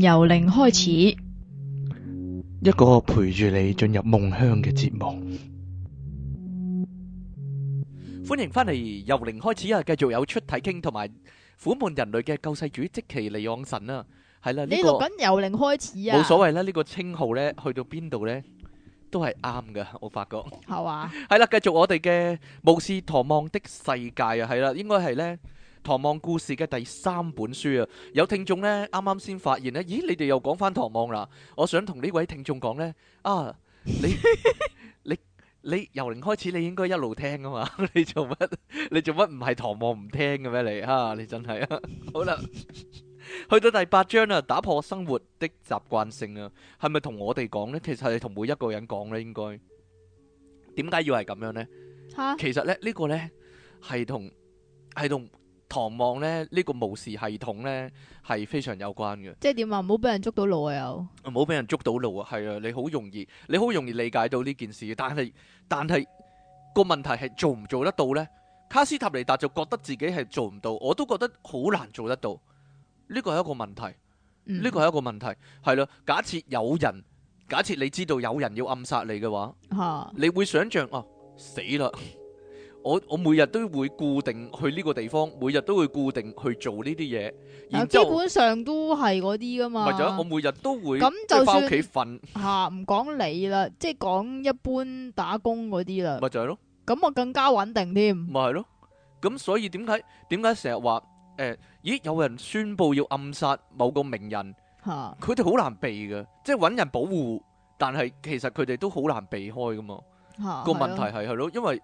由零開始，一個陪住你進入夢鄉嘅節目。歡迎翻嚟，由零開始啊！繼續有出體傾同埋俯瞰人類嘅救世主即奇利昂神啊！係啦，呢、這個你錄緊由零開始啊！冇所謂啦，這個、呢個稱號咧，去到邊度咧都係啱噶，我發覺係嘛，係 啦、啊，繼 續我哋嘅巫士唐望的世界啊，係啦，應該係咧。《唐望故事》嘅第三本書啊，有聽眾咧，啱啱先發現咧，咦？你哋又講翻《唐望》啦？我想同呢位聽眾講咧，啊，你你你由零開始，你應該一路聽噶嘛？你做乜？你做乜唔係《唐望》唔聽嘅咩？你吓你真係啊！好啦，去到第八章啊，打破生活的習慣性啊，係咪同我哋講咧？其實係同每一個人講咧，應該點解要係咁樣咧？吓，其實咧呢個咧係同係同。唐望咧，呢、這個無視系統呢係非常有關嘅。即係點話？唔好俾人捉到路啊！又唔好俾人捉到路啊！係啊！你好容易，你好容易理解到呢件事。但係，但係個問題係做唔做得到呢？卡斯塔尼達就覺得自己係做唔到，我都覺得好難做得到。呢、這個係一個問題，呢、這個係一個問題，係咯、嗯。假設有人，假設你知道有人要暗殺你嘅話，哈你會想象哦、啊，死啦！ 我我每日都會固定去呢個地方，每日都會固定去做呢啲嘢，然之後基本上都係嗰啲噶嘛。唔係就我每日都會，咁就算返屋企瞓吓，唔講你啦，即係講一般打工嗰啲啦，咪就係咯。咁我更加穩定添，咪係咯。咁所以點解點解成日話誒？咦，有人宣布要暗殺某個名人吓，佢哋好難避嘅，即係搵人保護，但係其實佢哋都好難避開噶嘛。個問題係係咯，因為。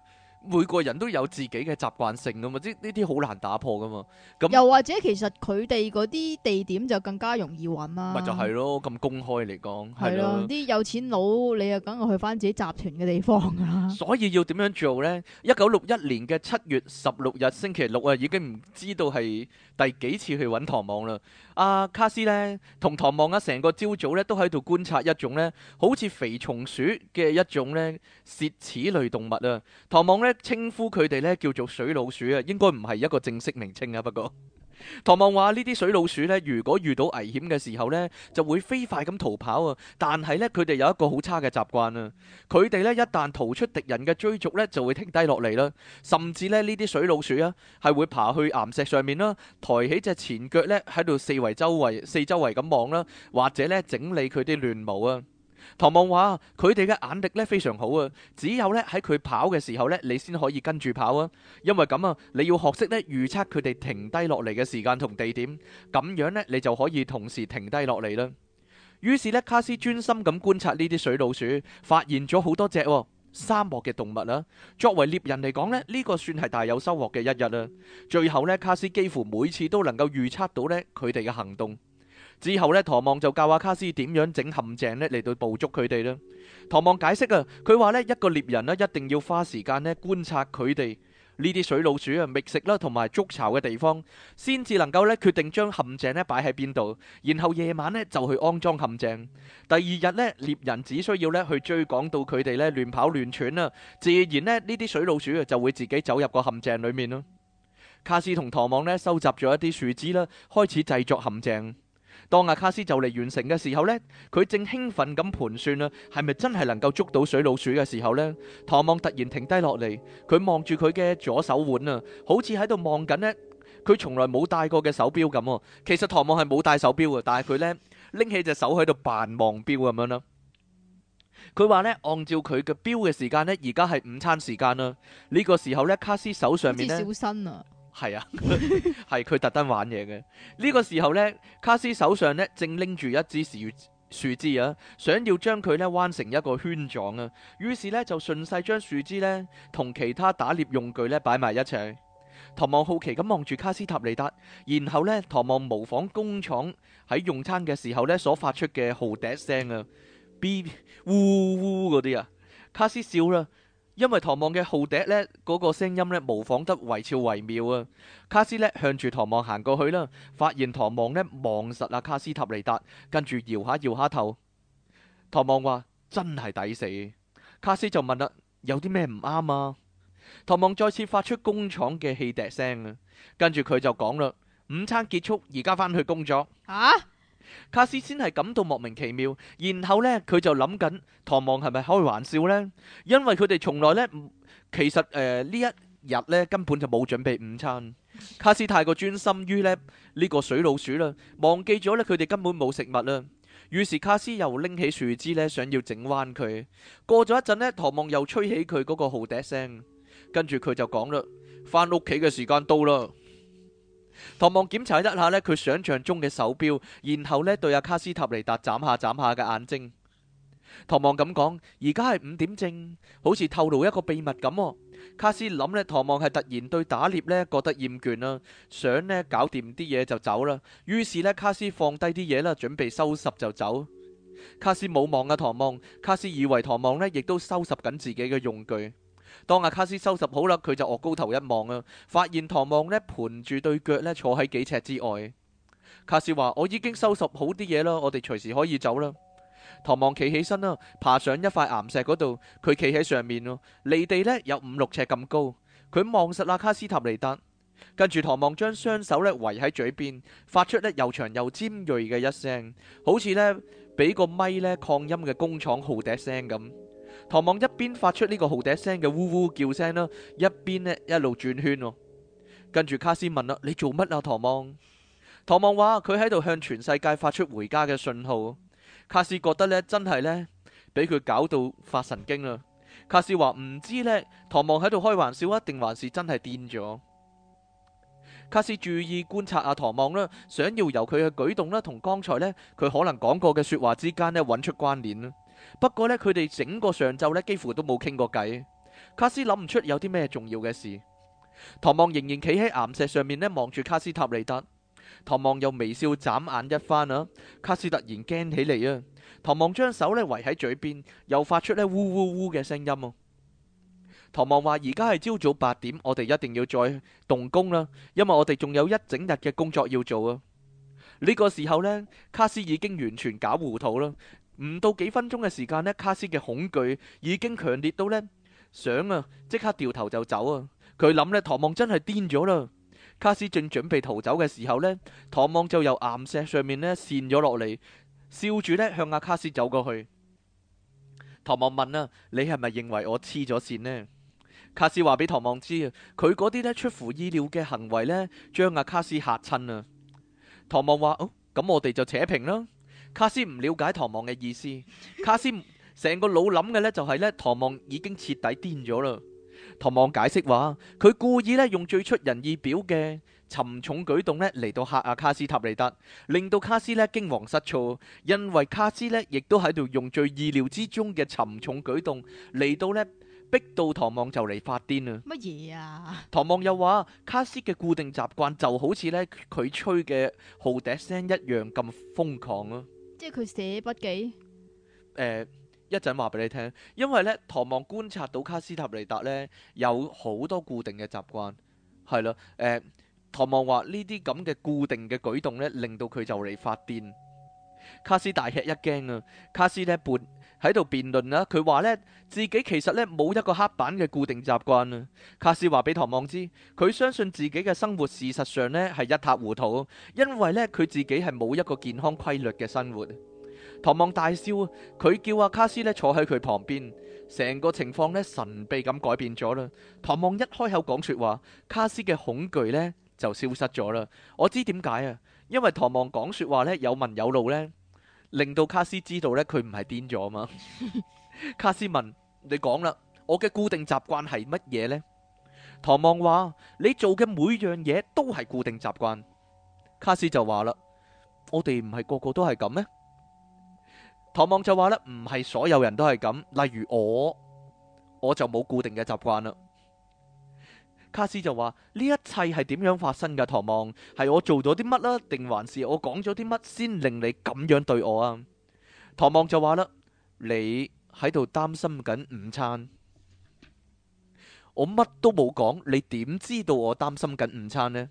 每個人都有自己嘅習慣性噶嘛，即呢啲好難打破噶嘛。咁又或者其實佢哋嗰啲地點就更加容易揾啦，啊。咪就係咯，咁公開嚟講係咯，啲咯有錢佬你又梗係去返自己集團嘅地方啦，啊。所以要點樣做呢？一九六一年嘅七月十六日星期六啊，已經唔知道係第幾次去揾唐望啦。阿、啊、卡斯呢，同唐望啊，成個朝早咧都喺度觀察一種咧好似肥松鼠嘅一種咧齧齒類動物啊。唐望咧。稱呼佢哋咧叫做水老鼠啊，應該唔係一個正式名稱啊。不過， 唐望話呢啲水老鼠咧，如果遇到危險嘅時候呢，就會飛快咁逃跑啊。但係呢，佢哋有一個好差嘅習慣啊。佢哋呢，一旦逃出敵人嘅追逐呢，就會停低落嚟啦。甚至呢，呢啲水老鼠啊，係會爬去岩石上面啦，抬起隻前腳呢，喺度四圍周圍四周圍咁望啦，或者呢，整理佢啲亂毛啊。唐望話：佢哋嘅眼力咧非常好啊，只有咧喺佢跑嘅時候咧，你先可以跟住跑啊。因為咁啊，你要學識咧預測佢哋停低落嚟嘅時間同地點，咁樣咧你就可以同時停低落嚟啦。於是咧，卡斯專心咁觀察呢啲水老鼠，發現咗好多隻沙漠嘅動物啦。作為獵人嚟講呢，呢、呢個算係大有收穫嘅一日啦。最後咧，卡斯幾乎每次都能夠預測到呢佢哋嘅行動。之後呢，唐望就教阿卡斯點樣整陷阱呢嚟到捕捉佢哋。呢，唐望解釋啊，佢話呢，一個獵人咧一定要花時間呢觀察佢哋呢啲水老鼠啊覓食啦同埋築巢嘅地方，先至能夠呢決定將陷阱呢擺喺邊度。然後夜晚呢就去安裝陷阱。第二日呢，獵人只需要呢去追趕到佢哋呢亂跑亂竄啦，自然呢呢啲水老鼠就會自己走入個陷阱裏面咯。卡斯同唐望呢收集咗一啲樹枝啦，開始製作陷阱。當阿卡斯就嚟完成嘅時候呢，佢正興奮咁盤算啊，係咪真係能夠捉到水老鼠嘅時候呢？唐望突然停低落嚟，佢望住佢嘅左手腕啊，好似喺度望緊呢，佢從來冇戴過嘅手表咁。其實唐望係冇戴手表嘅，但係佢呢拎起隻手喺度扮望表咁樣啦。佢話呢，按照佢嘅表嘅時間呢，而家係午餐時間啦。呢個時候呢，卡斯手上面咧。係啊，係佢特登玩嘢嘅。呢、這個時候呢，卡斯手上呢，正拎住一支樹樹枝啊，想要將佢呢彎成一個圈狀啊。於是呢，就順勢將樹枝呢同其他打獵用具呢擺埋一齊。唐望好奇咁望住卡斯塔利達，然後呢，唐望模仿工廠喺用餐嘅時候呢所發出嘅號笛聲啊，嗶！嗚嗚嗰啲啊。卡斯笑啦。因為唐望嘅號笛呢，嗰、那個聲音呢，模仿得惟肖惟妙啊！卡斯呢，向住唐望行過去啦，發現唐望呢，望實啊卡斯塔尼達，跟住搖下搖下頭。唐望話：真係抵死！卡斯就問啦，啊：有啲咩唔啱啊？唐望再次發出工廠嘅汽笛聲啊，跟住佢就講啦：午餐結束，而家返去工作。啊！卡斯先係感到莫名其妙，然後呢，佢就諗緊唐望係咪開玩笑呢？因為佢哋從來呢，其實呢、呃、一日呢，根本就冇準備午餐。卡斯太過專心於咧呢、呢個水老鼠啦，忘記咗呢，佢哋根本冇食物啦。於是卡斯又拎起樹枝呢，想要整彎佢。過咗一陣呢，唐望又吹起佢嗰個號笛聲，跟住佢就講啦：翻屋企嘅時間到啦。唐望檢查一下咧，佢想象中嘅手表，然後咧，對阿卡斯塔尼達眨下眨下嘅眼睛。唐望咁講，而家係五點正，好似透露一個秘密咁。卡斯諗呢，唐望係突然對打獵呢覺得厭倦啦，想呢搞掂啲嘢就走啦。於是呢，卡斯放低啲嘢啦，準備收拾就走。卡斯冇望阿唐望，卡斯以為唐望呢亦都收拾緊自己嘅用具。當阿卡斯收拾好啦，佢就惡高頭一望啊，發現唐望呢盤住對腳咧坐喺幾尺之外。卡斯話：我已經收拾好啲嘢啦，我哋隨時可以走啦。唐望企起身啦，爬上一塊岩石嗰度，佢企喺上面咯，離地呢有五六尺咁高。佢望實阿卡斯塔尼達，跟住唐望將雙手呢圍喺嘴邊，發出呢又長又尖銳嘅一聲，好似呢俾個咪呢擴音嘅工廠號笛聲咁。唐望一邊發出呢個號笛聲嘅嗚嗚叫聲啦，一邊咧一路轉圈。跟住卡斯問啦：你做乜啊，唐望？唐望話佢喺度向全世界發出回家嘅訊號。卡斯覺得呢真係呢，俾佢搞到發神經啦。卡斯話唔知呢，唐望喺度開玩笑啊，定還是真係癲咗？卡斯注意觀察阿唐望啦，想要由佢嘅舉動啦，同剛才呢，佢可能講過嘅說話之間呢搵出關聯啦。不過呢，佢哋整個上晝呢幾乎都冇傾過偈。卡斯諗唔出有啲咩重要嘅事。唐望仍然企喺岩石上面呢，望住卡斯塔利德。唐望又微笑眨眼一番啊。卡斯突然驚起嚟啊！唐望將手呢圍喺嘴邊，又發出呢「嗚嗚嗚」嘅聲音。唐望話：而家係朝早八點，我哋一定要再動工啦，因為我哋仲有一整日嘅工作要做啊。呢、這個時候呢，卡斯已經完全搞糊塗啦。唔到幾分鐘嘅時間呢，卡斯嘅恐懼已經強烈到呢，想啊即刻掉頭就走啊！佢諗呢，唐望真係癲咗啦！卡斯正準備逃走嘅時候呢，唐望就由岩石上面呢扇咗落嚟，笑住呢向阿、啊、卡斯走過去。唐望問啊：你係咪認為我黐咗線呢？卡斯話俾唐望知啊，佢嗰啲呢出乎意料嘅行為呢，將阿、啊、卡斯吓親啊！唐望話：哦，咁我哋就扯平啦。卡斯唔了解唐望嘅意思，卡斯成個腦諗嘅呢，就係呢，唐望已經徹底癲咗啦。唐望解釋話，佢故意呢用最出人意表嘅沉重舉動呢嚟到吓阿卡斯塔尼達，令到卡斯呢驚惶失措，因為卡斯呢亦都喺度用最意料之中嘅沉重舉動嚟到呢，逼到唐望就嚟發癲啦。乜嘢啊？唐望又話卡斯嘅固定習慣就好似呢佢吹嘅號笛聲一樣咁瘋狂咯。即係佢寫筆記。一陣話俾你聽，因為呢，唐望觀察到卡斯塔尼達呢，有好多固定嘅習慣，係啦。誒、呃，唐望話呢啲咁嘅固定嘅舉動呢，令到佢就嚟發癲。卡斯大吃一驚啊！卡斯呢半。喺度辯論啦，佢話呢，自己其實呢冇一個黑板嘅固定習慣啊。卡斯話俾唐望知，佢相信自己嘅生活事實上呢係一塌糊塗，因為呢，佢自己係冇一個健康規律嘅生活。唐望大笑，佢叫阿卡斯呢坐喺佢旁邊，成個情況呢神秘咁改變咗啦。唐望一開口講說話，卡斯嘅恐懼呢就消失咗啦。我知點解啊，因為唐望講說話呢有文有路呢。令到卡斯知道呢，佢唔係癲咗嘛？卡斯問：你講啦，我嘅固定習慣係乜嘢呢？唐望話：你做嘅每樣嘢都係固定習慣。卡斯就話啦：我哋唔係個個都係咁咩？唐望就話啦：唔係所有人都係咁，例如我，我就冇固定嘅習慣啦。卡斯就話：呢一切係點樣發生噶？唐望，係我做咗啲乜呢？定還是我講咗啲乜先令你咁樣對我啊？唐望就話啦：你喺度擔心緊午餐，我乜都冇講，你點知道我擔心緊午餐呢？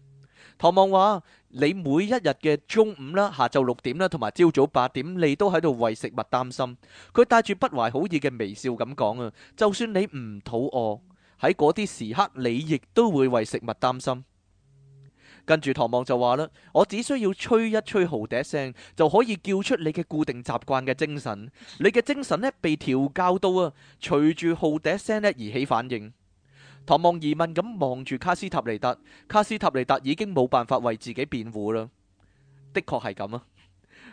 唐望話：你每一日嘅中午啦、下晝六點啦、同埋朝早八點，你都喺度為食物擔心。佢帶住不懷好意嘅微笑咁講啊：就算你唔肚餓。喺嗰啲時刻，你亦都會為食物擔心。跟住唐望就話啦，我只需要吹一吹號笛聲，就可以叫出你嘅固定習慣嘅精神。你嘅精神呢，被調教到啊，隨住號笛聲呢而起反應。唐望疑問咁望住卡斯塔尼達，卡斯塔尼達已經冇辦法為自己辯護啦。的確係咁啊。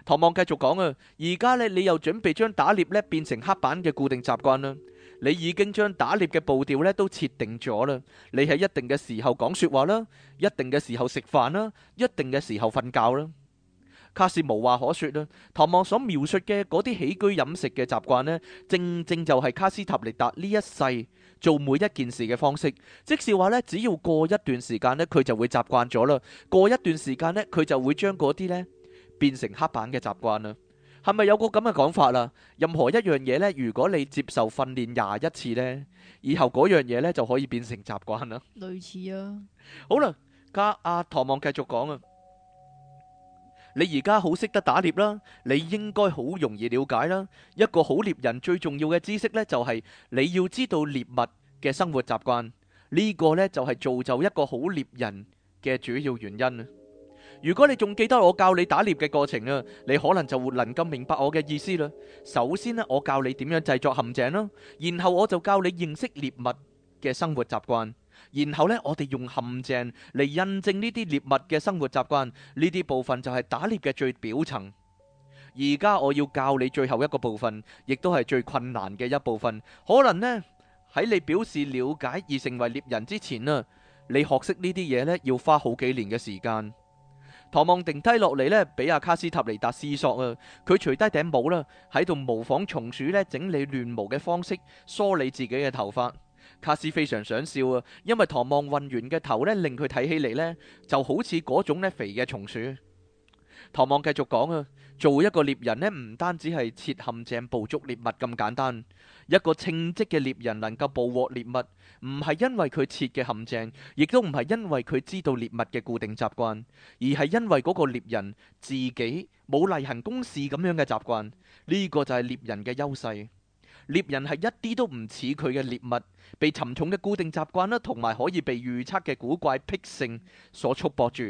唐望繼續講啊，而家呢，你又準備將打獵呢變成黑板嘅固定習慣啦。你已經將打獵嘅步調咧都設定咗啦，你喺一定嘅時候講説話啦，一定嘅時候食飯啦，一定嘅時候瞓覺啦。卡斯無話可説啦。唐望所描述嘅嗰啲起居飲食嘅習慣呢，正正就係卡斯塔尼達呢一世做每一件事嘅方式。即是話呢，只要過一段時間呢，佢就會習慣咗啦。過一段時間呢，佢就會將嗰啲呢變成刻板嘅習慣啦。係咪有個咁嘅講法啦？任何一樣嘢咧，如果你接受訓練廿一次咧，以後嗰樣嘢咧就可以變成習慣啦。類似啊。好啦，家阿唐望繼續講啊。你而家好識得打獵啦，你應該好容易了解啦。一個好獵人最重要嘅知識咧，就係你要知道獵物嘅生活習慣。呢個咧就係造就一個好獵人嘅主要原因啊。如果你仲記得我教你打獵嘅過程啊，你可能就能夠明白我嘅意思啦。首先呢，我教你點樣製作陷阱啦，然後我就教你認識獵物嘅生活習慣，然後呢，我哋用陷阱嚟印證呢啲獵物嘅生活習慣。呢啲部分就係打獵嘅最表層。而家我要教你最後一個部分，亦都係最困難嘅一部分。可能呢喺你表示了解而成為獵人之前啊，你學識呢啲嘢呢要花好幾年嘅時間。唐望定低落嚟咧，俾阿卡斯塔尼達思索啊！佢除低頂帽啦，喺度模仿松鼠咧整理亂毛嘅方式梳理自己嘅頭髮。卡斯非常想笑啊，因為唐望混完嘅頭呢，令佢睇起嚟，呢就好似嗰種呢肥嘅松鼠。唐望繼續講啊。做一個獵人呢，唔單止係設陷阱捕捉獵物咁簡單。一個稱職嘅獵人能夠捕獲獵物，唔係因為佢設嘅陷阱，亦都唔係因為佢知道獵物嘅固定習慣，而係因為嗰個獵人自己冇例行公事咁樣嘅習慣。呢個就係獵人嘅優勢。獵人係一啲都唔似佢嘅獵物，被沉重嘅固定習慣啦，同埋可以被預測嘅古怪癖性所束縛住。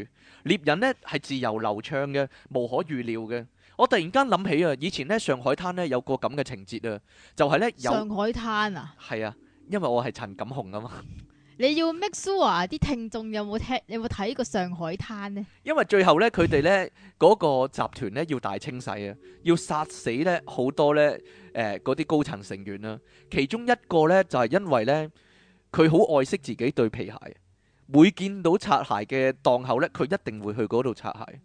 獵人呢，係自由流暢嘅，無可預料嘅。我突然間諗起、就是、啊，以前咧上海灘咧有個咁嘅情節啊，就係咧上海灘啊，係啊，因為我係陳錦鴻啊嘛。你要 make sure 啲聽眾有冇聽，有冇睇過《上海灘》呢？因為最後咧，佢哋咧嗰個集團咧要大清洗啊， 要殺死咧好多咧誒嗰啲高層成員啦。其中一個咧就係因為咧佢好愛惜自己對皮鞋，每見到擦鞋嘅檔口咧，佢一定會去嗰度擦鞋。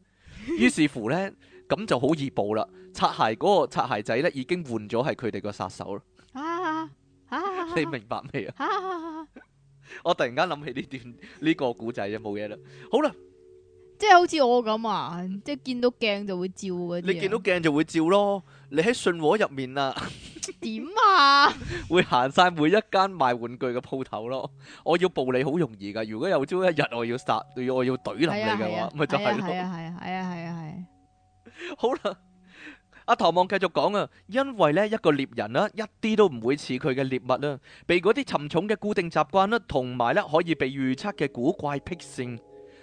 於是乎咧。咁就好易捕啦！擦鞋嗰個擦鞋仔咧，已經換咗係佢哋個殺手咯、啊。啊，啊 你明白未啊？啊啊 我突然間諗起呢段呢、這個古仔啊，冇嘢啦。好啦，即係好似我咁啊，即係見到鏡就會照嗰啲、啊。你見到鏡就會照咯。你喺信和入面啊？點 啊？ 會行晒每一間賣玩具嘅鋪頭咯。我要捕你好容易噶。如果有朝一日我要殺，我要懟冧你嘅話，咪就係咯。係啊係啊係啊係好啦，阿、啊、唐望繼續講啊，因為呢一個獵人啦、啊，一啲都唔會似佢嘅獵物啦、啊，被嗰啲沉重嘅固定習慣啦，同埋咧可以被預測嘅古怪癖性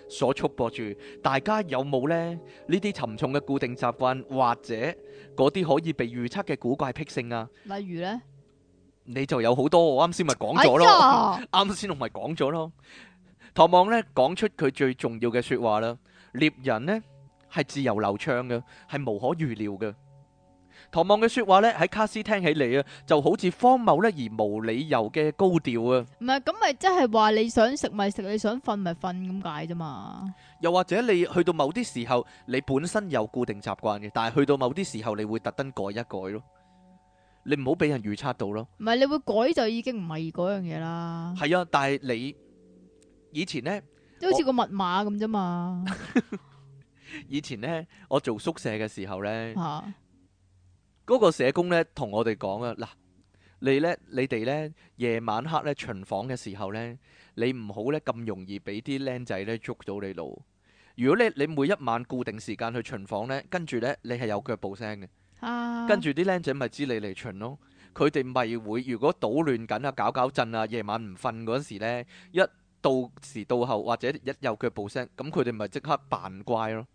所束縛住。大家有冇咧呢啲沉重嘅固定習慣或者嗰啲可以被預測嘅古怪癖性啊？例如呢，你就有好多我啱先咪講咗咯，啱先我咪講咗咯。唐望呢，講出佢最重要嘅說話啦，「獵人呢。」係自由流暢嘅，係無可預料嘅。唐望嘅說話呢，喺卡斯聽起嚟啊，就好似荒謬呢而無理由嘅高調啊。唔係咁，咪即係話你想食咪食，你想瞓咪瞓咁解啫嘛。又或者你去到某啲時候，你本身有固定習慣嘅，但係去到某啲時候，你會特登改一改咯。你唔好俾人預測到咯。唔係，你會改就已經唔係嗰樣嘢啦。係啊，但係你以前呢，即係好似我個密碼咁啫嘛。 以前呢，我做宿舍嘅時候呢，嗰、啊、個社工呢，同我哋講啊，嗱，你呢，你哋呢，夜晚黑呢，巡房嘅時候呢，你唔好呢咁容易俾啲僆仔呢捉到你度。如果呢你每一晚固定時間去巡房呢，跟住呢，你係有腳步聲嘅，啊、跟住啲僆仔咪知你嚟巡咯。佢哋咪會如果搗亂緊啊，搞搞震啊，夜晚唔瞓嗰時呢，一到時到後或者一有腳步聲，咁佢哋咪即刻扮乖咯。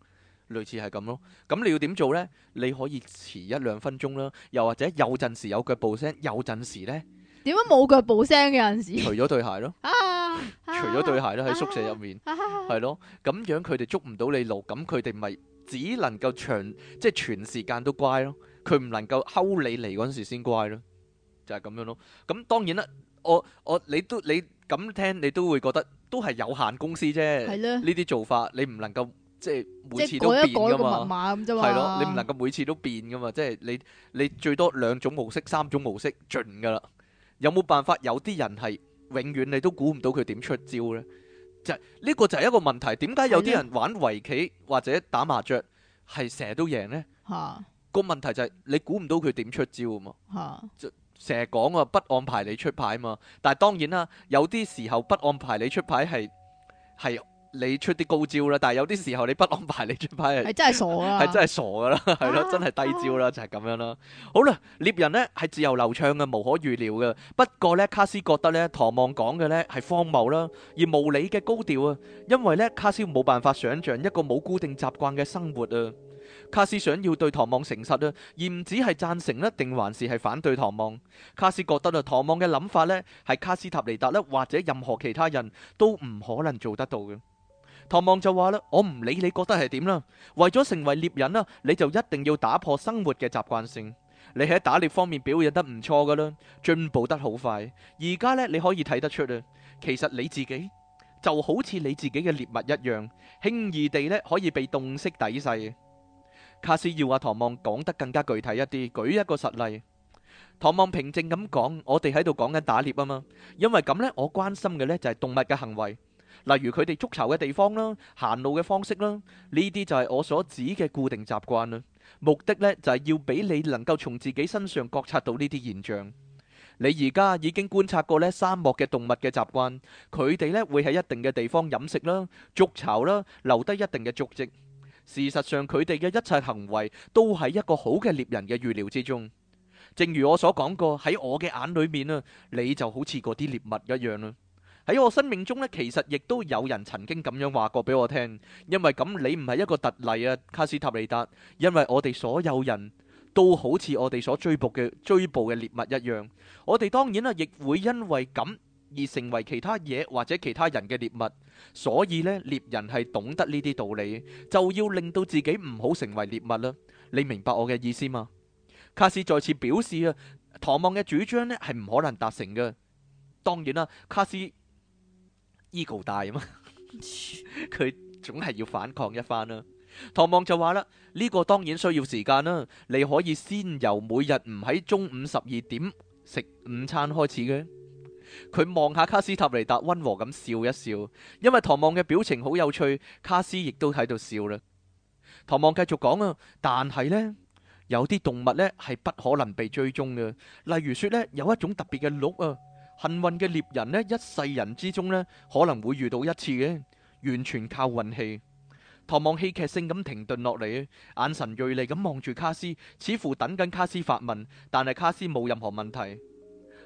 類似係咁咯，咁你要點做咧？你可以遲一兩分鐘啦，又或者有陣時有腳步聲，有陣時咧，點解冇腳步聲嘅陣時？除咗對鞋咯，除咗對鞋啦，喺宿舍入面係咯，咁樣佢哋捉唔到你路，咁佢哋咪只能夠長，即係全時間都乖咯，佢唔能夠溝你嚟嗰陣時先乖咯，就係咁樣咯。咁當然啦，我我你都你咁聽，你都會覺得都係有限公司啫。係咧，呢啲做法你唔能夠。即係每次都變噶嘛，係咯，你唔能夠每次都變噶嘛，即係你你最多兩種模式、三種模式盡噶啦。有冇辦法？有啲人係永遠你都估唔到佢點出招呢？就呢、呢個就係一個問題，點解有啲人玩圍棋或者打麻雀係成日都贏呢？啊、個問題就係你估唔到佢點出招啊嘛，成日講啊，啊不安排你出牌啊嘛。但係當然啦，有啲時候不安排你出牌係係。你出啲高招啦，但係有啲時候你不安排你出牌係，係真係傻， 真係傻嘅啦，係、啊、 真係傻噶啦，係咯，真係低招啦，就係、是、咁樣啦。好啦，獵人呢係自由流暢嘅，無可預料嘅。不過呢，卡斯覺得呢，唐望講嘅呢係荒謬啦，而無理嘅高調啊。因為呢，卡斯冇辦法想象一個冇固定習慣嘅生活啊。卡斯想要對唐望誠實啊，而唔止係贊成啦，定還是係反對唐望。卡斯覺得啊，唐望嘅諗法呢，係卡斯塔尼達啦，或者任何其他人都唔可能做得到嘅。唐望就話啦，我唔理你覺得係點啦，為咗成為獵人啦，你就一定要打破生活嘅習慣性。你喺打獵方面表現得唔錯㗎啦，進步得好快。而家呢，你可以睇得出啊，其實你自己就好似你自己嘅獵物一樣，輕易地呢可以被洞悉底細。卡斯要阿唐望講得更加具體一啲，舉一個實例。唐望平靜咁講，我哋喺度講緊打獵啊嘛，因為咁呢，我關心嘅呢就係動物嘅行為。例如佢哋築巢嘅地方啦、行路嘅方式啦，呢啲就係我所指嘅固定習慣啦。目的呢，就係要俾你能夠從自己身上覺察到呢啲現象。你而家已經觀察過呢沙漠嘅動物嘅習慣，佢哋呢會喺一定嘅地方飲食啦、築巢啦、留低一定嘅足跡。事實上，佢哋嘅一切行為都喺一個好嘅獵人嘅預料之中。正如我所講過，喺我嘅眼裏面啊，你就好似嗰啲獵物一樣啦。喺我生命中呢，其實亦都有人曾經咁樣話過俾我聽。因為咁，你唔係一個特例啊，卡斯塔尼達。因為我哋所有人都好似我哋所追捕嘅、追捕嘅獵物一樣，我哋當然啦，亦會因為咁而成為其他嘢或者其他人嘅獵物。所以呢，獵人係懂得呢啲道理，就要令到自己唔好成為獵物啦。你明白我嘅意思嗎？卡斯再次表示啊，唐望嘅主張呢係唔可能達成嘅。當然啦，卡斯。Ego 大嘛，佢 總係要反抗一番啦、啊。唐望就話啦：呢個當然需要時間啦、啊。你可以先由每日唔喺中午十二點食午餐開始嘅。佢望下卡斯塔尼達，溫和咁笑一笑，因為唐望嘅表情好有趣。卡斯亦都喺度笑啦。唐望繼續講啊，但係呢，有啲動物呢係不可能被追蹤嘅，例如說呢，有一種特別嘅鹿啊。幸運嘅獵人呢，一世人之中呢，可能會遇到一次嘅，完全靠運氣。唐望戲劇性咁停頓落嚟，眼神銳利咁望住卡斯，似乎等緊卡斯發問，但係卡斯冇任何問題。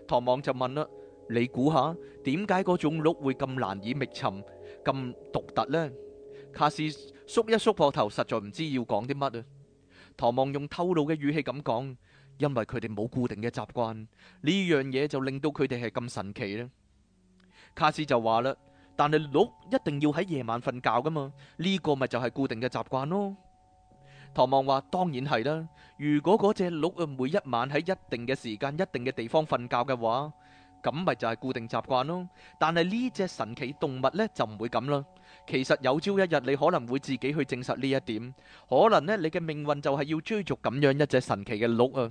唐望就問啦：「你估下點解嗰種鹿會咁難以覓尋，咁獨特呢？」卡斯縮一縮膊頭，實在唔知要講啲乜啊。唐望用透露嘅語氣咁講。因為佢哋冇固定嘅習慣，呢樣嘢就令到佢哋係咁神奇咧。卡斯就話啦，但係鹿一定要喺夜晚瞓覺噶嘛，呢個咪就係固定嘅習慣咯。唐望話：當然係啦，如果嗰隻鹿啊每一晚喺一定嘅時間、一定嘅地方瞓覺嘅話，咁咪就係固定習慣咯。但係呢隻神奇動物呢就唔會咁啦。其實有朝一日你可能會自己去證實呢一點，可能呢你嘅命運就係要追逐咁樣一隻神奇嘅鹿啊！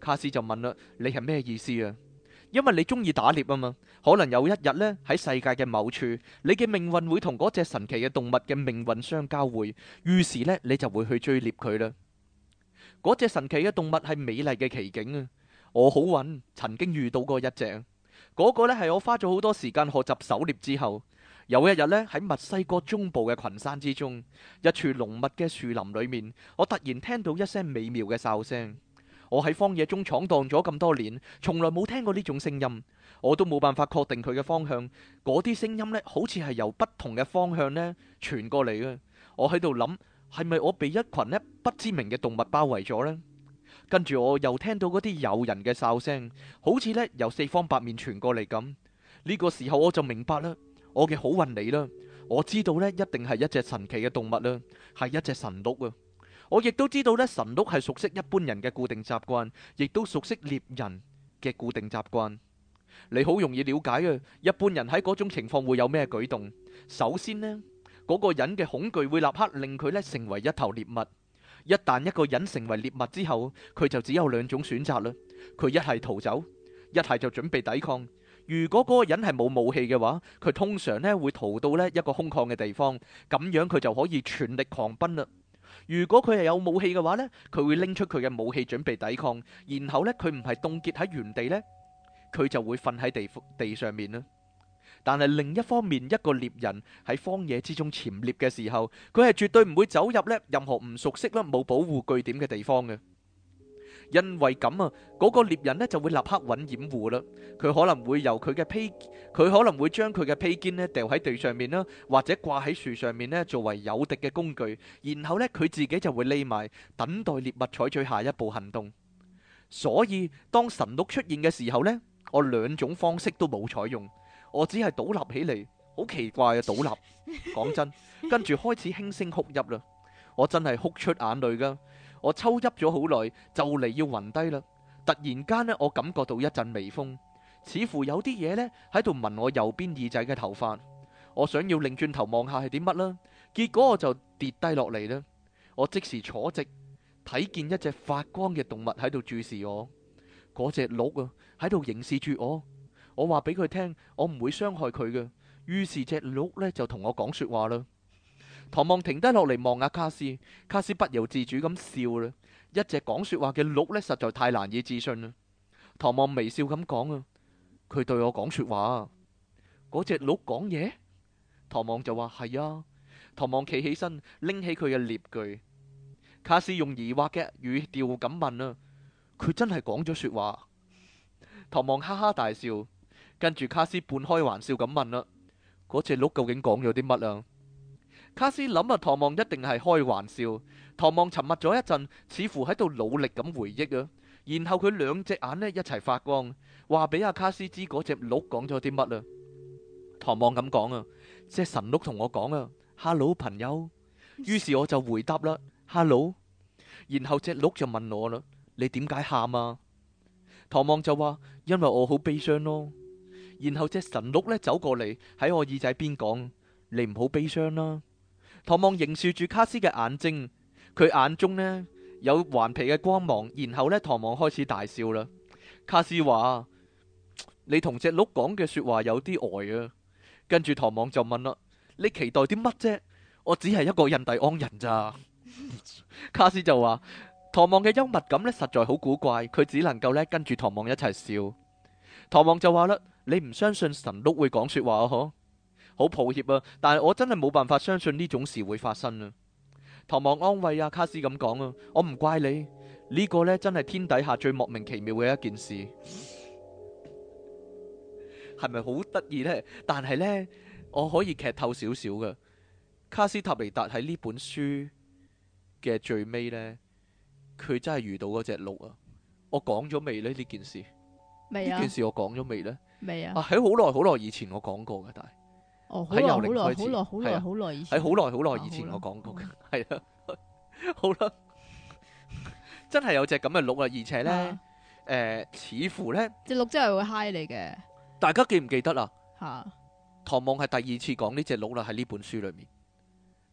卡斯就問啦：你係咩意思啊？因為你中意打獵啊嘛，可能有一日呢，喺世界嘅某處，你嘅命運會同嗰隻神奇嘅動物嘅命運相交匯，於是呢，你就會去追獵佢啦。嗰隻神奇嘅動物係美麗嘅奇景啊！我好運，曾經遇到過一隻嗰、嗰個呢係我花咗好多時間學習狩獵之後，有一日呢，喺墨西哥中部嘅群山之中，一處濃密嘅樹林裏面，我突然聽到一聲美妙嘅哨聲。我喺荒野中闖蕩咗咁多年，從來冇聽過呢種聲音，我都冇辦法確定佢嘅方向。嗰啲聲音呢，好似係由不同嘅方向呢傳過嚟嘅。我喺度諗，係咪我被一群呢不知名嘅動物包圍咗呢？跟住我又聽到嗰啲誘人嘅哨聲，好似呢由四方八面傳過嚟咁。呢個時候我就明白啦，我嘅好運嚟啦，我知道呢，一定係一隻神奇嘅動物啦，係一隻神鹿啊！我亦都知道咧，神鹿係熟悉一般人嘅固定習慣，亦都熟悉獵人嘅固定習慣。你好容易了解嘅，一般人喺嗰種情況會有咩舉動？首先咧，嗰個人嘅恐懼會立刻令佢咧，成為一頭獵物。一旦一個人成為獵物之後，佢就只有兩種選擇啦。佢一係逃走，一係就準備抵抗。如果嗰個人係冇武器嘅話，佢通常咧，會逃到咧一個空曠嘅地方，咁樣佢就可以全力狂奔啦。如果佢係有武器嘅話呢，佢會拎出佢嘅武器準備抵抗。然後呢，佢唔係凍結喺原地呢，佢就會瞓喺地地上面啦。但係另一方面，一個獵人喺荒野之中潛獵嘅時候，佢係絕對唔會走入呢任何唔熟悉啦、冇保護據點嘅地方嘅。因為咁啊，嗰個獵人呢就會立刻搵掩護啦。佢可能會由佢嘅披，佢可能會將佢嘅披肩呢掉喺地上面啦，或者掛喺樹上面呢，作為誘敵嘅工具。然後呢，佢自己就會匿埋，等待獵物採取下一步行動。所以當神鹿出現嘅時候呢，我兩種方式都冇採用，我只係倒立起嚟，好奇怪呀，倒立。講真，跟住開始輕聲哭泣啦，我真係哭出眼淚噶。我抽泣咗好耐，就嚟要暈低啦。突然間呢，我感覺到一陣微風，似乎有啲嘢呢喺度聞我右邊耳仔嘅頭髮。我想要擰轉頭望下係點乜啦，結果我就跌低落嚟啦。我即時坐直，睇見一隻發光嘅動物喺度注視我。嗰隻鹿啊，喺度凝視住我。我話俾佢聽，我唔會傷害佢嘅。於是隻鹿呢，就同我講說話啦。唐望停低落嚟望下看看卡斯，卡斯不由自主咁笑啦。一隻講說話嘅鹿呢，實在太難以置信啦。唐望微笑咁講啊，佢對我講說話。嗰隻鹿講嘢？唐望就話係啊。唐望企起身拎起佢嘅獵具，卡斯用疑惑嘅語調咁問啊，佢真係講咗說話。唐望哈哈大笑，跟住卡斯半開玩笑咁問啦，嗰隻鹿究竟講咗啲乜啊？卡斯諗啊，唐望一定係開玩笑。唐望沉默咗一陣，似乎喺度努力咁回憶啊。然後佢兩隻眼呢一齊發光，話俾阿卡斯知嗰隻鹿講咗啲乜啊。唐望咁講啊，隻神鹿同我講啊，Hello 朋友。於是我就回答啦，Hello。然後隻鹿就問我啦，你點解喊啊？唐望就話因為我好悲傷咯。然後隻神鹿呢走過嚟喺我耳仔邊講，你唔好悲傷啦。唐望凝視住卡斯嘅眼睛，佢眼中呢有頑皮嘅光芒，然後呢，唐望開始大笑啦。卡斯話：你同隻鹿講嘅說話有啲呆啊。跟住唐望就問啦：你期待啲乜啫？我只係一個印第安人咋。 卡斯就話：唐望嘅幽默感呢實在好古怪，佢只能夠呢跟住唐望一齊笑。唐望就話啦：你唔相信神鹿會講說話哦？嗬？好抱歉啊，但係我真係冇辦法相信呢種事會發生啊。唐望安慰阿、啊、卡斯咁講啊，我唔怪你呢、這個呢真係天底下最莫名其妙嘅一件事，係咪好得意呢？但係呢，我可以劇透少少噶。卡斯塔尼達喺呢本書嘅最尾呢，佢真係遇到嗰隻鹿啊。我講咗未呢？呢件事？呢有件事我講咗未呢？未有啊？喺好耐好耐以前我講過嘅，但係。哦，好耐好耐好耐好耐以前，喺好耐好耐以前我講過，係啊，好啦，真係有隻咁嘅鹿啊，而且咧，誒，似乎咧隻鹿真係會嗨你嘅，大家記唔記得啦？吓，唐望係第二次講呢隻鹿啦，喺呢本書裏面，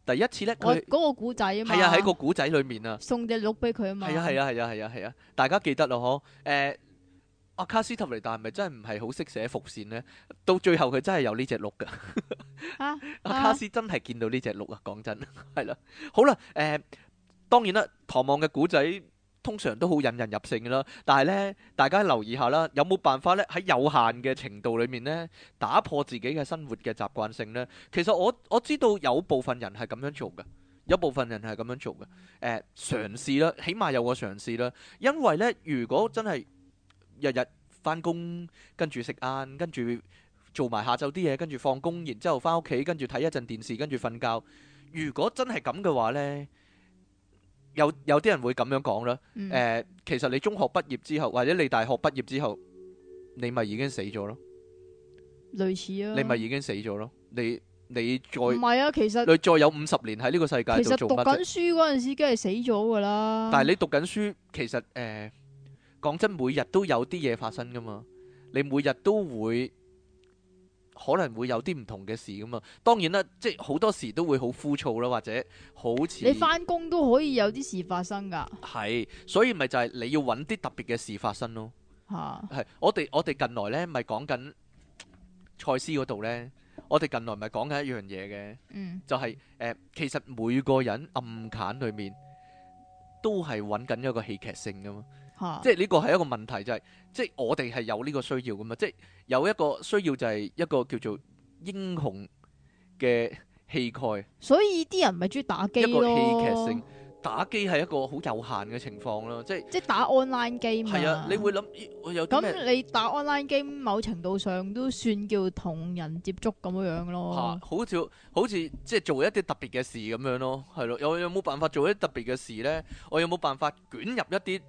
第一次咧，我嗰個古仔啊嘛，係啊，喺個古仔裏面啊，送隻鹿俾佢啊嘛，係啊係啊係啊係啊係啊，大家記得咯嗬，誒。阿、啊、卡斯特尼達係咪真係唔係好識寫伏線呢？到最後佢真係有呢隻鹿噶、 啊，阿、啊啊、卡斯真係見到呢隻鹿啊！講真，係啦，好啦，誒、呃，當然啦，唐望嘅古仔通常都好引人入勝噶啦。但係呢，大家留意下啦，有冇辦法呢？喺有限嘅程度裏面呢，打破自己嘅生活嘅習慣性呢？其實我我知道有部分人係咁樣做嘅，有部分人係咁樣做嘅，誒、呃，嘗試啦，起碼有個嘗試啦。因為呢，如果真係，日日翻工，跟住食晏，跟住做埋下晝啲嘢，跟住放工，然之後翻屋企，跟住睇一陣電視，跟住瞓覺。如果真係咁嘅話呢，有有啲人會咁樣講啦。誒，其實你中學畢業之後，或者你大學畢業之後，你咪已經死咗咯。類似啊。你咪已經死咗咯？你你再唔係啊？其實你再有五十年喺呢個世界度做乜？其實讀緊書嗰陣時，梗係死咗㗎啦。但係你讀緊書，其實誒。講真，每日都有啲嘢發生噶嘛，你每日都會可能會有啲唔同嘅事噶嘛。當然啦，即係好多時都會好枯燥啦，或者好似你翻工都可以有啲事發生噶。係，所以咪就係你要揾啲特別嘅事發生咯。係、啊、我哋我哋近來呢咪講緊賽斯嗰度呢？我哋近來咪講緊一樣嘢嘅，嗯、就係、是呃、其實每個人暗砍裏面都係揾緊一個戲劇性噶嘛。即係呢個係一個問題，就係即係我哋係有呢個需要㗎嘛！即係有一個需要就係一個叫做英雄嘅氣概。所以啲人咪中意打機咯。一個戲劇性打機係一個好有限嘅情況咯，即係即係打 online game。係啊，你會諗我有咁你打 online game，某程度上都算叫同人接觸咁樣咯。嚇，好似好似即係做一啲特別嘅事咁樣咯，係咯？有有冇辦法做一啲特別嘅事咧？我有冇辦法捲入一啲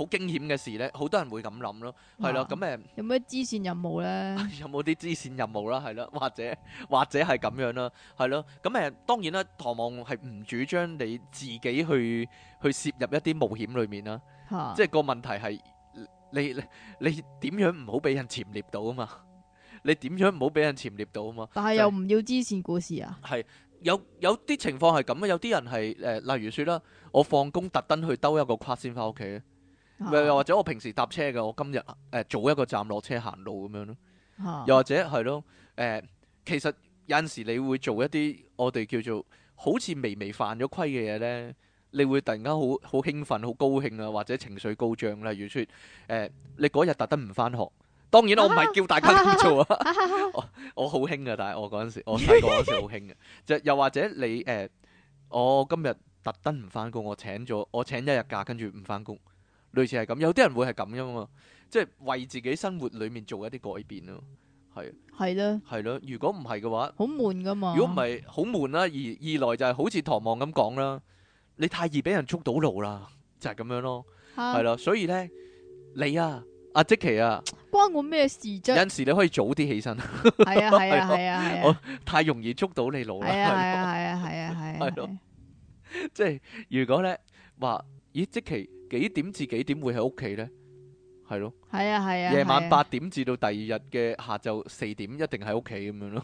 好驚險嘅事咧，好多人會咁諗咯，係咯，咁誒。有咩支線任務咧？有冇啲支線任務啦？係咯，或者或者係咁樣啦，係咯，咁誒。當然啦，唐望係唔主張你自己去去涉入一啲冒險裏面啦，即係個問題係你你你點樣唔好俾人潛獵到啊嘛？你點樣唔好俾人潛獵到啊嘛？但係又唔要支線故事啊？係，有有啲情況係咁啊，有啲人係誒，例如説啦，我放工特登去兜一個框先返屋企。又、啊、或者我平時搭車嘅，我今日誒早一個站落車行路咁樣咯。啊、又或者係咯，誒、呃、其實有陣時你會做一啲我哋叫做好似微微犯咗規嘅嘢咧，你會突然間好好興奮、好高興啊，或者情緒高漲。例如説，誒、呃、你嗰日特登唔翻學，當然我唔係叫大家咁做啊，啊，啊 我。我好興啊，但係我嗰陣時，我細個嗰時好興嘅。即 又或者你誒、呃，我今日特登唔翻工，我請咗我請一日假，跟住唔翻工。類似係咁，有啲人會係咁噶嘛，即係為自己生活裏面做一啲改變咯，係係啦，係咯。如果唔係嘅話，好悶噶嘛。如果唔係，好悶啦。而二來就係好似唐望咁講啦，你太易俾人捉到路啦，就係咁樣咯，係啦。所以咧，你啊，阿即奇啊，關我咩事啫？有陣時你可以早啲起身，係啊，係啊，係啊，我太容易捉到你路啦，係啊，係啊，係啊，係啊，係咯。即係如果咧話，咦，即奇？幾點至幾點會喺屋企咧？係咯，係啊係啊，夜晚八點至到第二日嘅下晝四點，一定喺屋企咁樣咯。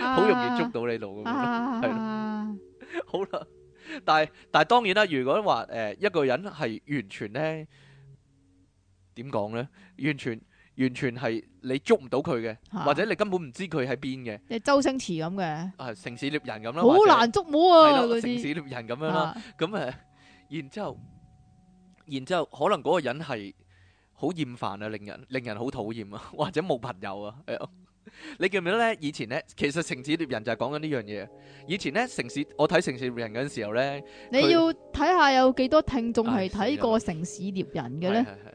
好容易捉到你到咁樣咯，係咯。好啦，但係但係當然啦，如果話誒一個人係完全咧，點講咧？完全完全係你捉唔到佢嘅，或者你根本唔知佢喺邊嘅。即係周星馳咁嘅，啊，城市獵人咁咯，好難捉摸啊，城市獵人咁樣啦。咁誒，然之後。然之後，可能嗰個人係好厭煩啊，令人令人好討厭啊，或者冇朋友啊。哎嗯、 你記唔記得呢？以前呢，其實《城市獵人》就係講緊呢樣嘢。以前呢，《城市》我睇《城市獵人》嗰陣時候呢，你要睇下有幾多聽眾係睇過《城市獵人》嘅呢？啊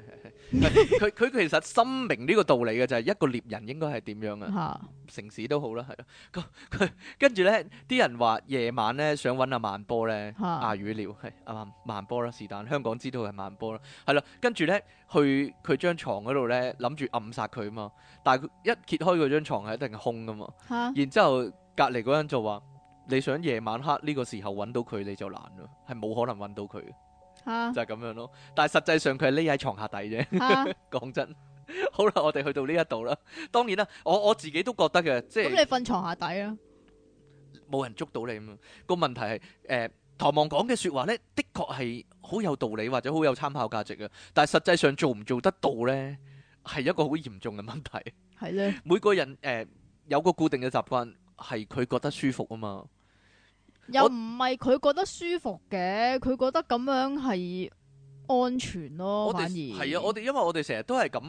佢佢 其實深明呢個道理嘅就係、是、一個獵人應該係點樣啊？ 城市都好啦，係咯。佢佢跟住咧，啲人話夜晚咧想揾阿曼波咧，鴉羽鳥係阿曼波啦。是但香港知道係曼波啦，係啦。跟住咧去佢張床嗰度咧，諗住暗殺佢啊嘛。但係佢一揭開嗰張牀係一定係空噶嘛。 然之後隔離嗰人就話：你想夜晚黑呢個時候揾到佢你就難啦，係冇可能揾到佢。哈就係咁樣咯，但係實際上佢係匿喺床下底啫。講哈 真的， 好啦，我哋去到呢一度啦。當然啦，我我自己都覺得嘅，即係咁、嗯、你瞓床下底啊，冇人捉到你嘛。個問題係，誒、呃，唐望講嘅說話咧，的確係好有道理或者好有參考價值嘅。但係實際上做唔做得到咧，係一個好嚴重嘅問題。係咧呢，每個人誒、呃、有個固定嘅習慣，係佢覺得舒服啊嘛。又唔係佢覺得舒服嘅，佢覺得咁樣係安全咯。我哋反而係啊，我哋因為我哋成日都係咁，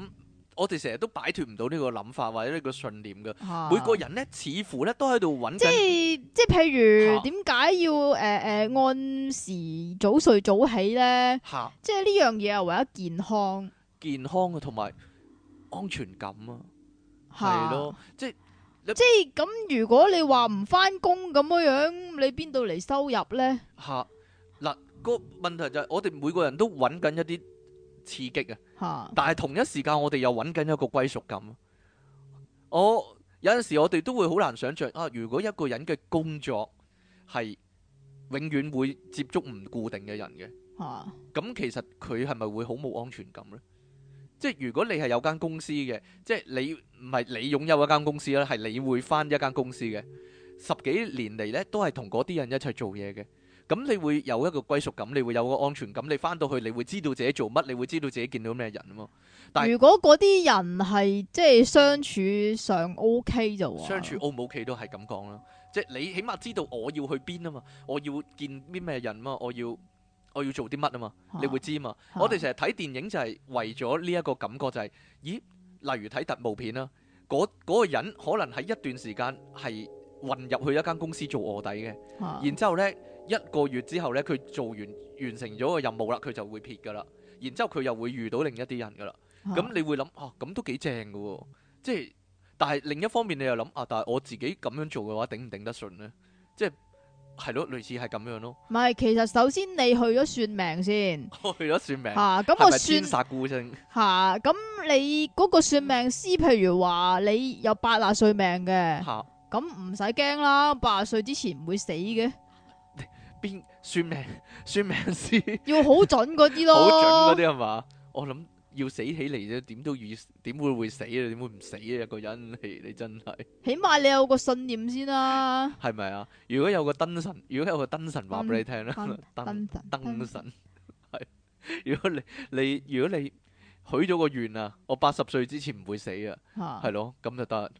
我哋成日都擺脫唔到呢個諗法或者呢個信念噶。啊、每個人咧，似乎咧都喺度揾，即係即係，譬如點解、啊、要誒誒、呃呃、按時早睡早起咧？吓，啊、即係呢樣嘢係為咗健康、健康啊，同埋安全感啊，係咯，即係。即係咁，如果你話唔翻工咁樣樣，你邊度嚟收入呢？吓嗱、啊，那個問題就係我哋每個人都揾緊一啲刺激嘅，吓、啊。但係同一時間，我哋又揾緊一個歸屬感。我有陣時我哋都會好難想象啊！如果一個人嘅工作係永遠會接觸唔固定嘅人嘅，吓咁、啊，其實佢係咪會好冇安全感呢？即係如果你係有間公司嘅，即係你唔係你擁有一間公司啦，係你會翻一間公司嘅十幾年嚟呢，都係同嗰啲人一齊做嘢嘅。咁你會有一個歸屬感，你會有個安全感。你翻到去，你會知道自己做乜，你會知道自己見到咩人啊嘛。但係如果嗰啲人係即係相處上 OK 就，相處 O 唔 O K 都係咁講啦。即係你起碼知道我要去邊啊嘛，我要見啲咩人啊嘛，我要。我要做啲乜啊嘛？啊你會知嘛？啊、我哋成日睇電影就係為咗呢一個感覺、就係，就係咦？例如睇特務片啦，嗰、嗰個人可能喺一段時間係混入去一間公司做卧底嘅，啊、然之後呢，一個月之後呢，佢做完完成咗個任務啦，佢就會撇㗎啦。然之後佢又會遇到另一啲人㗎啦。咁、啊、你會諗啊？咁都幾正㗎喎、哦！即係，但係另一方面你又諗啊？但係我自己咁樣做嘅話，頂唔頂得順呢？即係。係咯，類似係咁樣咯。唔係，其實首先你去咗算命先， 去咗算命吓，咁、啊、我算煞孤星吓。咁、啊、你嗰個算命師，譬如話你有八十歲命嘅，咁唔使驚啦，八十歲之前唔會死嘅。邊 算命算命師 要好準嗰啲咯，好 準嗰啲係嘛？我諗。要死起嚟啫，點都點會會死啊？點會唔死啊？一個人，你真係，起碼你有個信念先啦、啊。係咪 啊？如果有個燈神，如果有個燈神話俾你聽啦，燈燈燈神係神神， 如果你你如果你許咗個願啊，我八十歲之前唔會死啊，係咯，咁就得。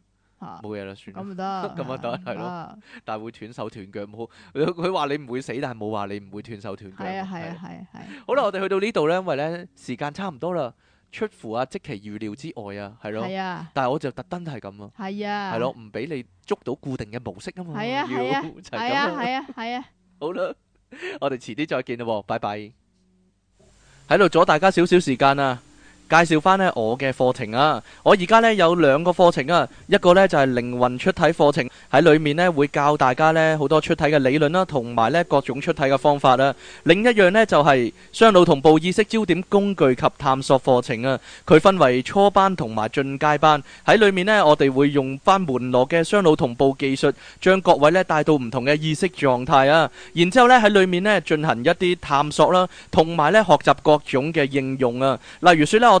冇嘢啦，算咁咪得，咁咪得係咯。但係會斷手斷腳冇？佢佢話你唔會死，但係冇話你唔會斷手斷腳。係啊係啊係啊。好啦，我哋去到呢度咧，因為咧時間差唔多啦，出乎阿積奇預料之外啊，係咯。係啊。但係我就特登係咁啊。係啊。係咯，唔俾你捉到固定嘅模式啊嘛。係啊係啊係啊係啊。好啦，我哋遲啲再見啦，拜拜。喺度阻大家少少時間啊。介紹翻呢我嘅課程啊！我而家呢有兩個課程啊，一個呢就係靈魂出體課程，喺裡面呢會教大家呢好多出體嘅理論啦，同埋呢各種出體嘅方法啊。另一樣呢就係雙腦同步意識焦點工具及探索課程啊。佢分為初班同埋進階班，喺裡面呢我哋會用翻門羅嘅雙腦同步技術，將各位呢帶到唔同嘅意識狀態啊。然之後呢喺裡面呢進行一啲探索啦，同埋呢學習各種嘅應用啊。例如説呢我。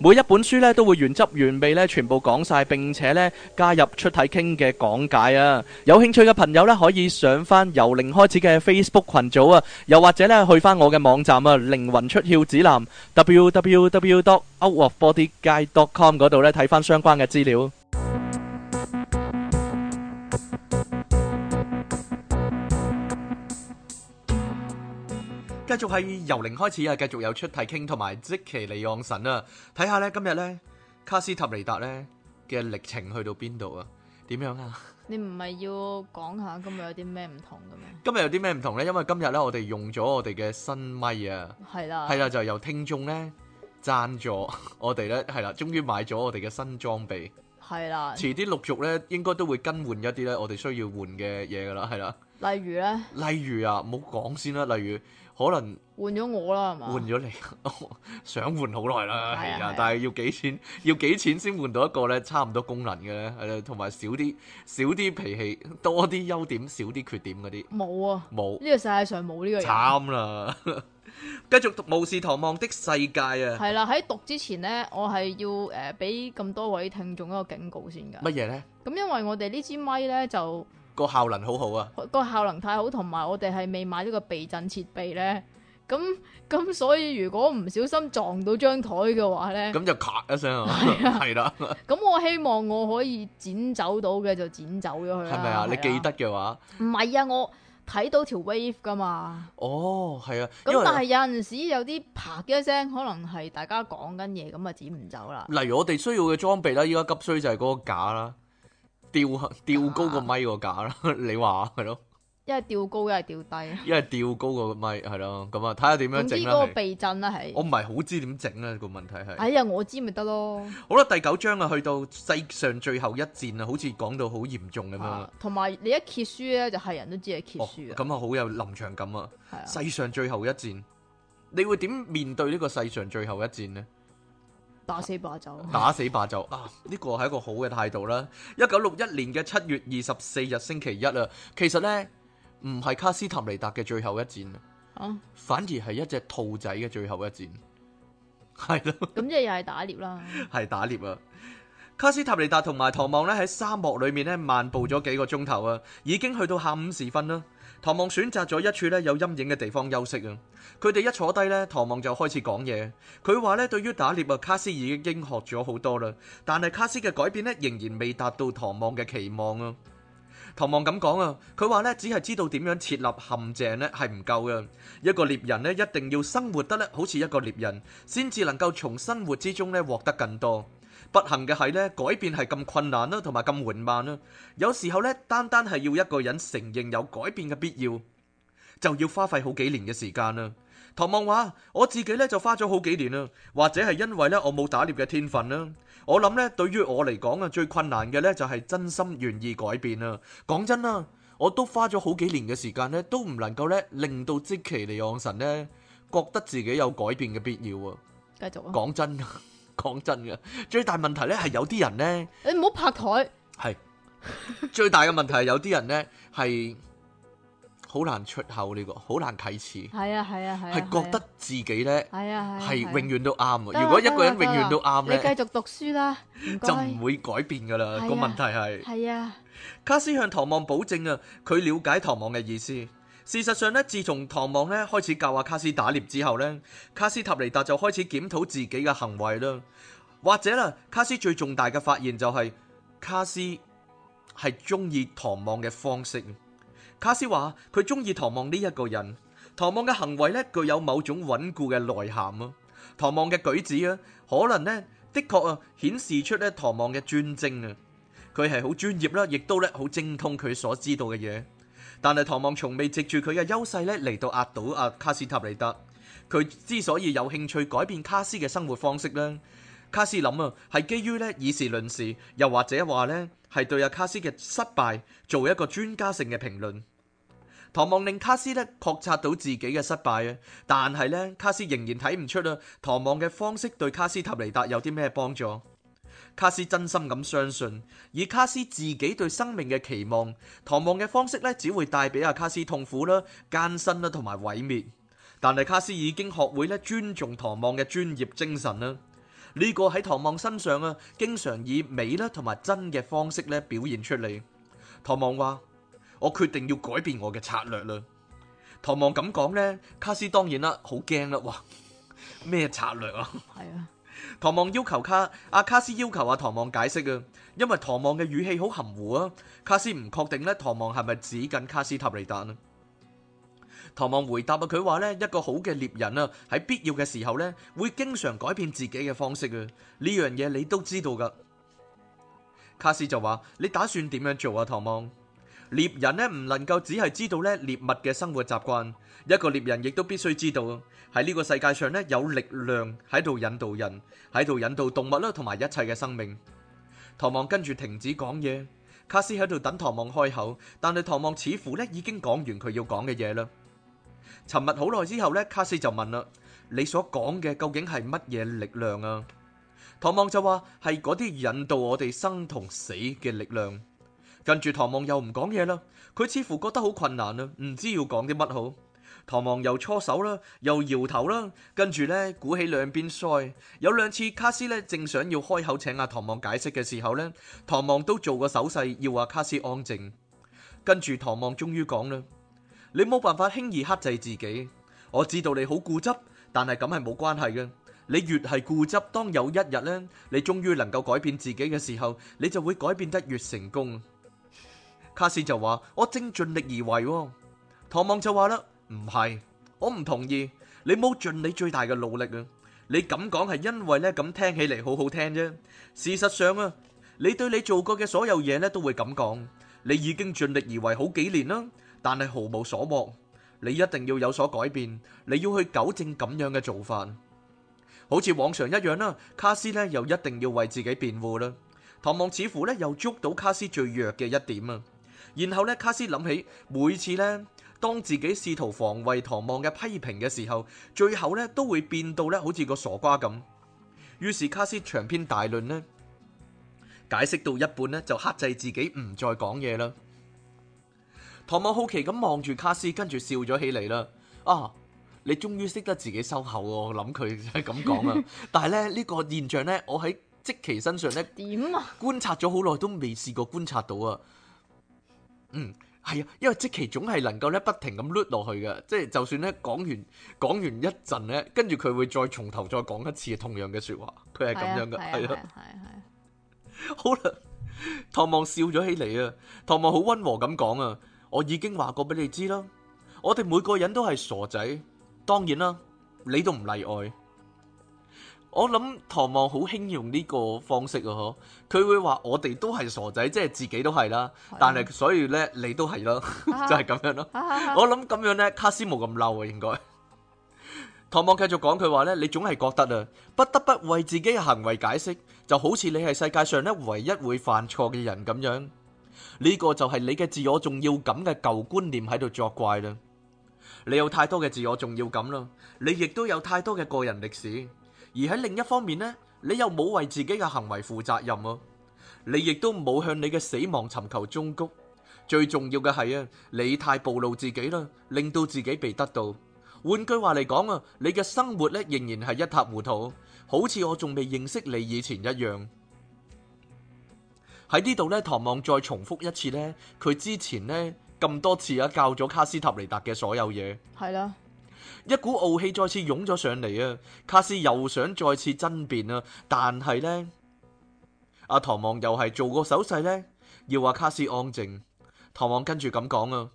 每一本書咧都會原汁原味咧全部講晒，並且咧加入出體傾嘅講解啊！有興趣嘅朋友咧可以上翻由零開始嘅 Facebook 群組啊，又或者咧去翻我嘅網站啊靈魂出竅指南 www.outofbodyguide.com 嗰度咧睇翻相關嘅資料。繼續係由零開始啊！繼續有出睇傾同埋，即奇利昂神啊，睇下咧今日咧卡斯塔尼達咧嘅歷程去到邊度啊？點樣啊？你唔係要講下今日有啲咩唔同嘅咩？今日有啲咩唔同咧？因為今日咧，我哋用咗我哋嘅新咪啊，係啦的，係啦，就由聽眾咧贊助我哋咧，係啦，終於買咗我哋嘅新裝備，係啦的，遲啲陸續咧應該都會更換一啲咧我哋需要換嘅嘢噶啦，係啦，例如咧，例如啊，唔好講先啦，例如。可能換咗我啦，係嘛吧？換咗了你， 想換好耐啦，係啊！啊、但係要幾錢？ 要幾錢先換到一個咧，差唔多功能嘅咧，係啦，同埋少啲少啲脾氣，多啲優點，少啲缺點嗰啲。冇啊！冇呢有個世界上冇呢個人。慘啦了！ 繼續讀《巫士唐望的世界》啊。係啦，喺讀之前咧，我係要誒俾咁多位聽眾一個警告先㗎。乜嘢咧？咁因為我哋呢支咪咧就。個效能好好啊，個效能太好，同埋我哋係未買咗個避震設備咧，咁咁所以如果唔小心撞到張台嘅話咧，咁就咔一聲 啊。嘛，係啦，咁我希望我可以剪走到嘅就剪走咗佢，係咪啊？啊你記得嘅話，唔係啊，我睇到條 wave 噶嘛，哦，係啊，咁但係有陣時有啲啪一聲，可能係大家講緊嘢，咁啊剪唔走啦。例如我哋需要嘅裝備啦，依家急需就係嗰個架啦。吊吊高個咪個架啦，啊、 你話係咯？一係吊高，一係吊低。一係 吊高個咪係咯，咁啊睇下點樣整，唔知嗰個避震啦，係。我唔係好知點整啦，個問題係。哎呀，我知咪得咯。好啦，第九章啊，去到世上最後一戰啊，好似講到好嚴重咁啊。同埋你一揭書咧，就係人都知係揭書啊。咁啊、哦，好有臨場感啊！啊世上最後一戰，你會點面對呢個世上最後一戰呢？打死霸走， 打死霸走啊！呢個係一個好嘅態度啦。一九六一年嘅七月二十四日星期一啊，其實呢，唔係卡斯塔尼達嘅最後一戰啊，反而係一隻兔仔嘅最後一戰，係咯、啊。咁即係又係打獵啦，係 打獵啊！卡斯塔尼達同埋唐望呢，喺沙漠裏面咧漫步咗幾個鐘頭啊，已經去到下午時分啦。唐望選擇咗一處咧有陰影嘅地方休息啊！佢哋一坐低咧，唐望就開始講嘢。佢話咧，對於打獵啊，卡斯已經學咗好多啦，但係卡斯嘅改變咧，仍然未達到唐望嘅期望啊！唐望咁講啊，佢話咧，只係知道點樣設立陷阱咧係唔夠嘅，一個獵人咧一定要生活得咧好似一個獵人，先至能夠從生活之中咧獲得更多。不幸嘅係咧，改變係咁困難啦，同埋咁緩慢啦。有時候咧，單單係要一個人承認有改變嘅必要，就要花費好幾年嘅時間啦。唐望話，我自己咧就花咗好幾年啦，或者係因為咧我冇打獵嘅天分啦。我諗咧，對於我嚟講啊，最困難嘅咧就係真心願意改變啦。講真啦，我都花咗好幾年嘅時間咧，都唔能夠咧令到積奇尼昂神咧覺得自己有改變嘅必要啊。繼續啊，講真噶。講真嘅，最大問題咧係有啲人咧，你唔好拍台。係最大嘅問題係有啲人咧係好難出口呢個，好難啟齒。係啊係啊係，係覺得自己咧係啊係，係永遠都啱啊！如果一個人永遠都啱咧，你繼續讀書啦，就唔會改變噶啦。個問題係係啊，卡斯向唐望保證啊，佢了解唐望嘅意思。事實上咧，自從唐望咧開始教阿卡斯打獵之後咧，卡斯塔尼達就開始檢討自己嘅行為啦。或者啦，卡斯最重大嘅發現就係、是、卡斯係中意唐望嘅方式。卡斯話佢中意唐望呢一個人，唐望嘅行為咧具有某種穩固嘅內涵啊。唐望嘅舉止啊，可能咧的確啊顯示出咧唐望嘅專精啊，佢係好專業啦，亦都咧好精通佢所知道嘅嘢。但係，唐望從未藉住佢嘅優勢咧嚟到壓倒阿卡斯塔尼達。佢之所以有興趣改變卡斯嘅生活方式咧，卡斯諗啊係基於咧以事論事，又或者話咧係對阿卡斯嘅失敗做一個專家性嘅評論。唐望令卡斯咧覺察到自己嘅失敗啊，但係咧卡斯仍然睇唔出啊，唐望嘅方式對卡斯塔尼達有啲咩幫助？卡斯真心咁相信，以卡斯自己對生命嘅期望，唐望嘅方式咧只會帶俾阿卡斯痛苦啦、艱辛啦同埋毀滅。但係卡斯已經學會咧尊重唐望嘅專業精神啦。呢個喺唐望身上啊，經常以美啦同埋真嘅方式咧表現出嚟。唐望話：我決定要改變我嘅策略啦。唐望咁講呢，卡斯當然啦，好驚啦！哇，咩策略啊？係啊。唐望要求卡阿卡斯要求阿唐望解釋啊，因為唐望嘅語氣好含糊啊，卡斯唔確定咧，唐望係咪指緊卡斯塔尼達啊？唐望回答啊，佢話咧一個好嘅獵人啊，喺必要嘅時候咧會經常改變自己嘅方式啊，呢樣嘢你都知道㗎。卡斯就話，你打算點樣做啊？唐望。獵人咧唔能夠只係知道咧獵物嘅生活習慣，一個獵人亦都必須知道喺呢個世界上咧有力量喺度引導人，喺度引導動物啦，同埋一切嘅生命。唐望跟住停止講嘢，卡斯喺度等唐望開口，但係唐望似乎咧已經講完佢要講嘅嘢啦。沉默好耐之後咧，卡斯就問啦：你所講嘅究竟係乜嘢力量啊？唐望就話：係嗰啲引導我哋生同死嘅力量。跟住唐望又唔講嘢啦，佢似乎覺得好困難啦，唔知要講啲乜好。唐望又搓手啦，又搖頭啦，跟住咧鼓起兩邊腮。有兩次卡斯咧正想要開口請阿唐望解釋嘅時候咧，唐望都做個手勢要阿卡斯安靜。跟住唐望終於講啦：「你冇辦法輕易克制自己，我知道你好固執，但係咁係冇關係嘅。你越係固執，當有一日咧，你終於能夠改變自己嘅時候，你就會改變得越成功。卡斯就話：我正盡力而為。唐望就話啦：唔係，我唔同意。你冇盡你最大嘅努力啊！你咁講係因為咧，咁聽起嚟好好聽啫。事實上啊，你對你做過嘅所有嘢咧，都會咁講。你已經盡力而為好幾年啦，但係毫無所獲。你一定要有所改變，你要去糾正咁樣嘅做法。好似往常一樣啦，卡斯咧又一定要為自己辯護啦。唐望似乎咧又捉到卡斯最弱嘅一點啊！然後咧，卡斯諗起每次咧，當自己試圖防衛唐望嘅批評嘅時候，最後咧都會變到咧好似個傻瓜咁。於是卡斯長篇大論呢，解釋到一半呢就克制自己唔再講嘢啦。唐望好奇咁望住卡斯，跟住笑咗起嚟啦。啊，你終於識得自己收口喎，我諗佢係咁講啊。 但係咧呢、呢個現象咧，我喺即奇身上咧，點啊觀察咗好耐都未試過觀察到啊。嗯，係啊，因為即期總係能夠咧不停咁轆落去嘅，即係就算咧講完講完一陣咧，跟住佢會再從頭再講一次同樣嘅說話，佢係咁樣嘅，係啊，係啊，好啦，唐望笑咗起嚟啊，唐望好溫和咁講啊，我已經話過俾你知啦，我哋每個人都係傻仔，當然啦，你都唔例外。我諗唐望好興用呢個方式啊，嗬，佢會話我哋都係傻仔，即係自己都係啦。但係所以咧，你都係咯，就係咁樣咯。我諗咁樣咧，卡斯冇咁嬲啊。應該唐望繼續講佢話咧，你總係覺得啊，不得不為自己嘅行為解釋，就好似你係世界上咧唯一會犯錯嘅人咁樣。呢個就係你嘅自我重要感嘅舊觀念喺度作怪啦。你有太多嘅自我重要感啦，你亦都有太多嘅個人歷史。而喺另一方面呢，你又冇為自己嘅行為負責任啊！你亦都冇向你嘅死亡尋求忠告。最重要嘅係啊，你太暴露自己啦，令到自己被得到。換句話嚟講啊，你嘅生活咧仍然係一塌糊塗，好似我仲未認識你以前一樣。喺呢度咧，唐望再重複一次咧，佢之前咧咁多次啊教咗卡斯塔尼達嘅所有嘢。係啦。一股傲氣再次湧咗上嚟啊！卡斯又想再次爭辯啊，但係呢，阿唐望又係做個手勢呢，要話卡斯安靜。唐望跟住咁講啊，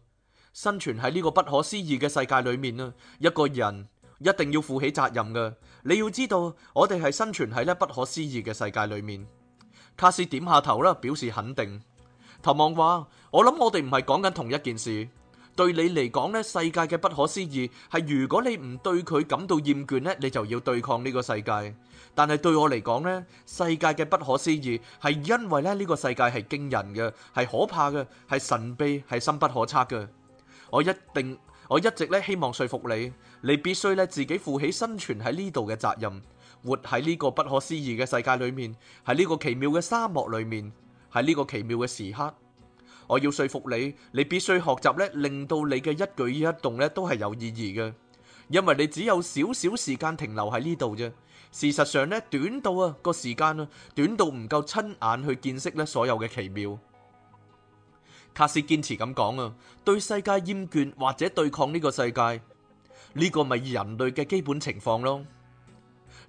生存喺呢個不可思議嘅世界裏面啊，一個人一定要負起責任噶。你要知道，我哋係生存喺呢不可思議嘅世界裏面。卡斯點下頭啦，表示肯定。唐望話：我諗我哋唔係講緊同一件事。對你嚟講呢，世界嘅不可思議係如果你唔對佢感到厭倦呢，你就要對抗呢個世界。但係對我嚟講呢，世界嘅不可思議係因為咧呢個世界係驚人嘅，係可怕嘅，係神秘，係深不可測嘅。我一定，我一直咧希望說服你，你必須咧自己負起生存喺呢度嘅責任，活喺呢個不可思議嘅世界裏面，喺呢個奇妙嘅沙漠裏面，喺呢個奇妙嘅時刻。我要說服你，你必須學習咧，令到你嘅一舉一動咧都係有意義嘅，因為你只有少少時間停留喺呢度啫。事實上咧，短到啊個時間啊，短到唔夠親眼去見識咧所有嘅奇妙。卡斯堅持咁講啊，對世界厭倦或者對抗呢個世界，呢個咪人類嘅基本情況咯。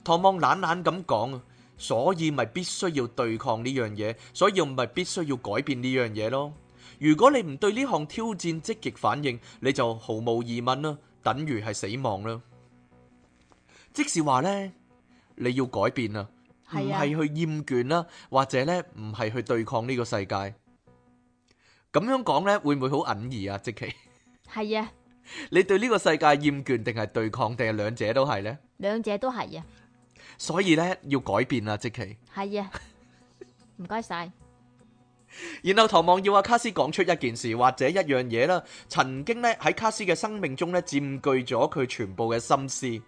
唐望懶懶咁講啊，所以咪必須要對抗呢樣嘢，所以咪必須要改變呢樣嘢咯。如果你唔對呢項挑戰積極反應，你就毫無疑問啦，等於係死亡啦。即是話咧，你要改變啊，唔係去厭倦啦，或者咧唔係去對抗呢個世界。咁樣講咧，會唔會好隱異啊？即其係啊，你對呢個世界厭倦定係對抗定係兩者都係咧？兩者都係啊，所以咧要改變啊，即其係啊，唔該晒。然後唐望要阿卡斯講出一件事或者一樣嘢啦，曾經咧喺卡斯嘅生命中咧佔據咗佢全部嘅心思。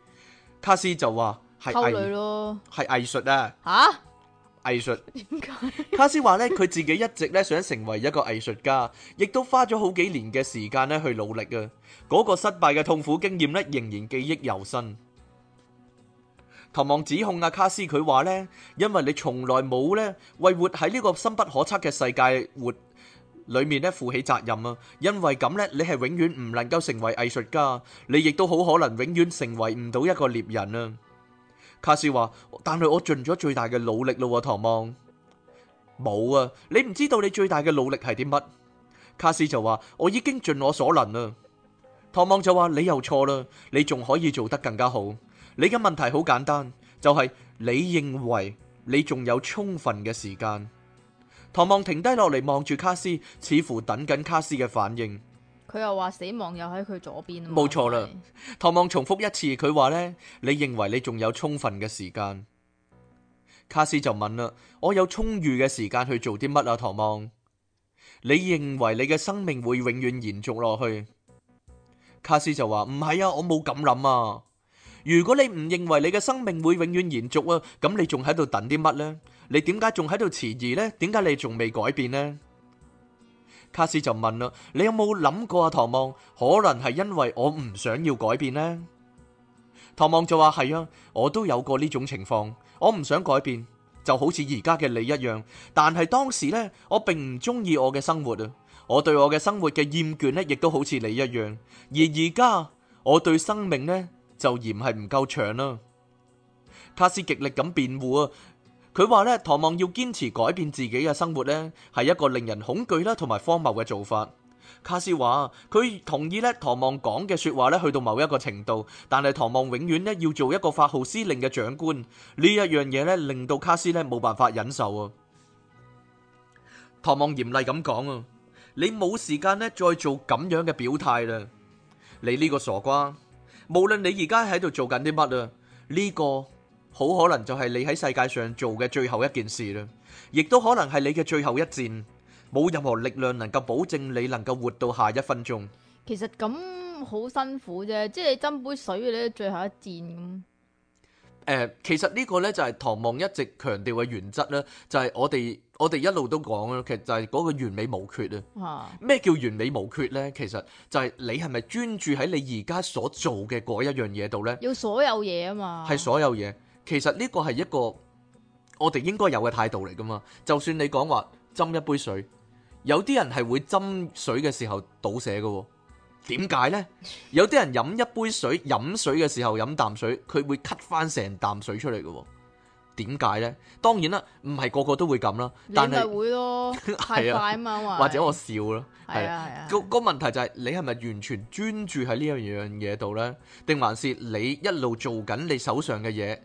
卡斯就話係藝術咯，係藝術啊吓哈藝術。點解？ 卡斯話咧佢自己一直咧想成為一個藝術家，亦都花咗好幾年嘅時間咧去努力呀。嗰、那個失敗嘅痛苦經驗咧仍然記憶猶新。唐望指控阿卡斯，佢話呢：「因為你從來冇呢為活喺呢個深不可測嘅世界活裏面呢，負起責任啊！因為咁呢，你係永遠唔能夠成為藝術家，你亦都好可能永遠成為唔到一個獵人啊！卡斯話：，但係我盡咗最大嘅努力咯。」唐望：冇啊！你唔知道你最大嘅努力係啲乜？卡斯就話：，我已經盡我所能啦。唐望就話：，你又錯啦，你仲可以做得更加好。你嘅問題好簡單，就係、是、你認為你仲有充分嘅時間。唐望停低落嚟，望住卡斯，似乎等緊卡斯嘅反應。佢又話死亡又喺佢左邊，冇錯啦，是唐望重複一次，佢話呢，你認為你仲有充分嘅時間？卡斯就問啦，我有充裕嘅時間去做啲乜啊？唐望，你認為你嘅生命會永遠延續落去？卡斯就話唔係啊，我冇咁諗啊。如果你唔認為你嘅生命會永遠延續啊，咁你仲喺度等啲乜呢？你點解仲喺度遲疑呢？點解你仲未改變呢？卡斯就問啦，你有冇諗過啊？唐望可能係因為我唔想要改變呢。唐望就話係啊，我都有過呢種情況，我唔想改變，就好似而家嘅你一樣。但係當時呢，我並唔中意我嘅生活啊，我對我嘅生活嘅厭倦呢，亦都好似你一樣。而而家我對生命呢。就嫌係唔夠長啦！卡斯極力咁辯護啊，佢話咧，唐望要堅持改變自己嘅生活咧，係一個令人恐懼啦同埋荒謬嘅做法。卡斯話佢同意咧，唐望講嘅說話咧，去到某一個程度，但係唐望永遠咧要做一個發號施令嘅長官呢一樣嘢咧，令到卡斯咧冇辦法忍受啊！唐望嚴厲咁講啊，你冇時間咧再做咁樣嘅表態啦，你呢個傻瓜！無論你而家喺度做緊啲乜啊，呢個好可能就係你喺世界上做嘅最後一件事啦，亦都可能係你嘅最後一戰，冇任何力量能夠保證你能夠活到下一分鐘。其實咁好辛苦啫，即係你斟杯水嘅呢最後一戰咁，呃。其實呢個呢，就係唐望一直強調嘅原則啦，就係我哋。我哋一路都講咯，其實就係嗰個完美無缺啊！咩叫完美無缺呢？其實就係你係咪專注喺你而家所做嘅嗰一樣嘢度呢？要所有嘢啊嘛，係所有嘢。其實呢個係一個我哋應該有嘅態度嚟噶嘛。就算你講話斟一杯水，有啲人係會斟水嘅時候倒瀉嘅喎。點解呢？有啲人飲一杯水，飲水嘅時候飲啖水，佢會咳返成啖水出嚟嘅喎。點解咧？當然啦，唔係個個都會咁啦，但係會咯，太快啊嘛，或者我笑咯，係啊，個問題就係你係咪完全專注喺呢樣嘢度咧？定還是你一路做緊你手上嘅嘢，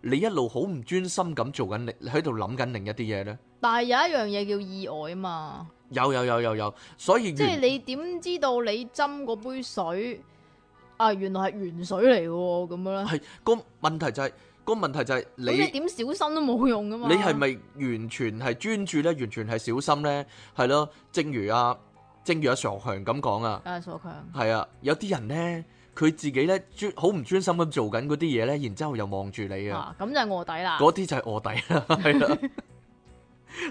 你一路好唔專心咁做緊，你喺度諗緊另一啲嘢咧？但係有一樣嘢叫意外啊嘛，有有有有有，所以即係你點知道你斟嗰杯水啊，原來係鹹水嚟喎？咁樣咧，係個問題就係。個問題就係你點小心都冇用噶嘛？你係咪完全係專注咧？完全係小心咧？係咯，正如阿正如阿常強咁講啊，阿常強，係啊，有啲人咧，佢自己咧，專好唔專心咁做緊嗰啲嘢咧，然之後又望住你啊，咁就係臥底啦。嗰啲就係臥底啦，係啦。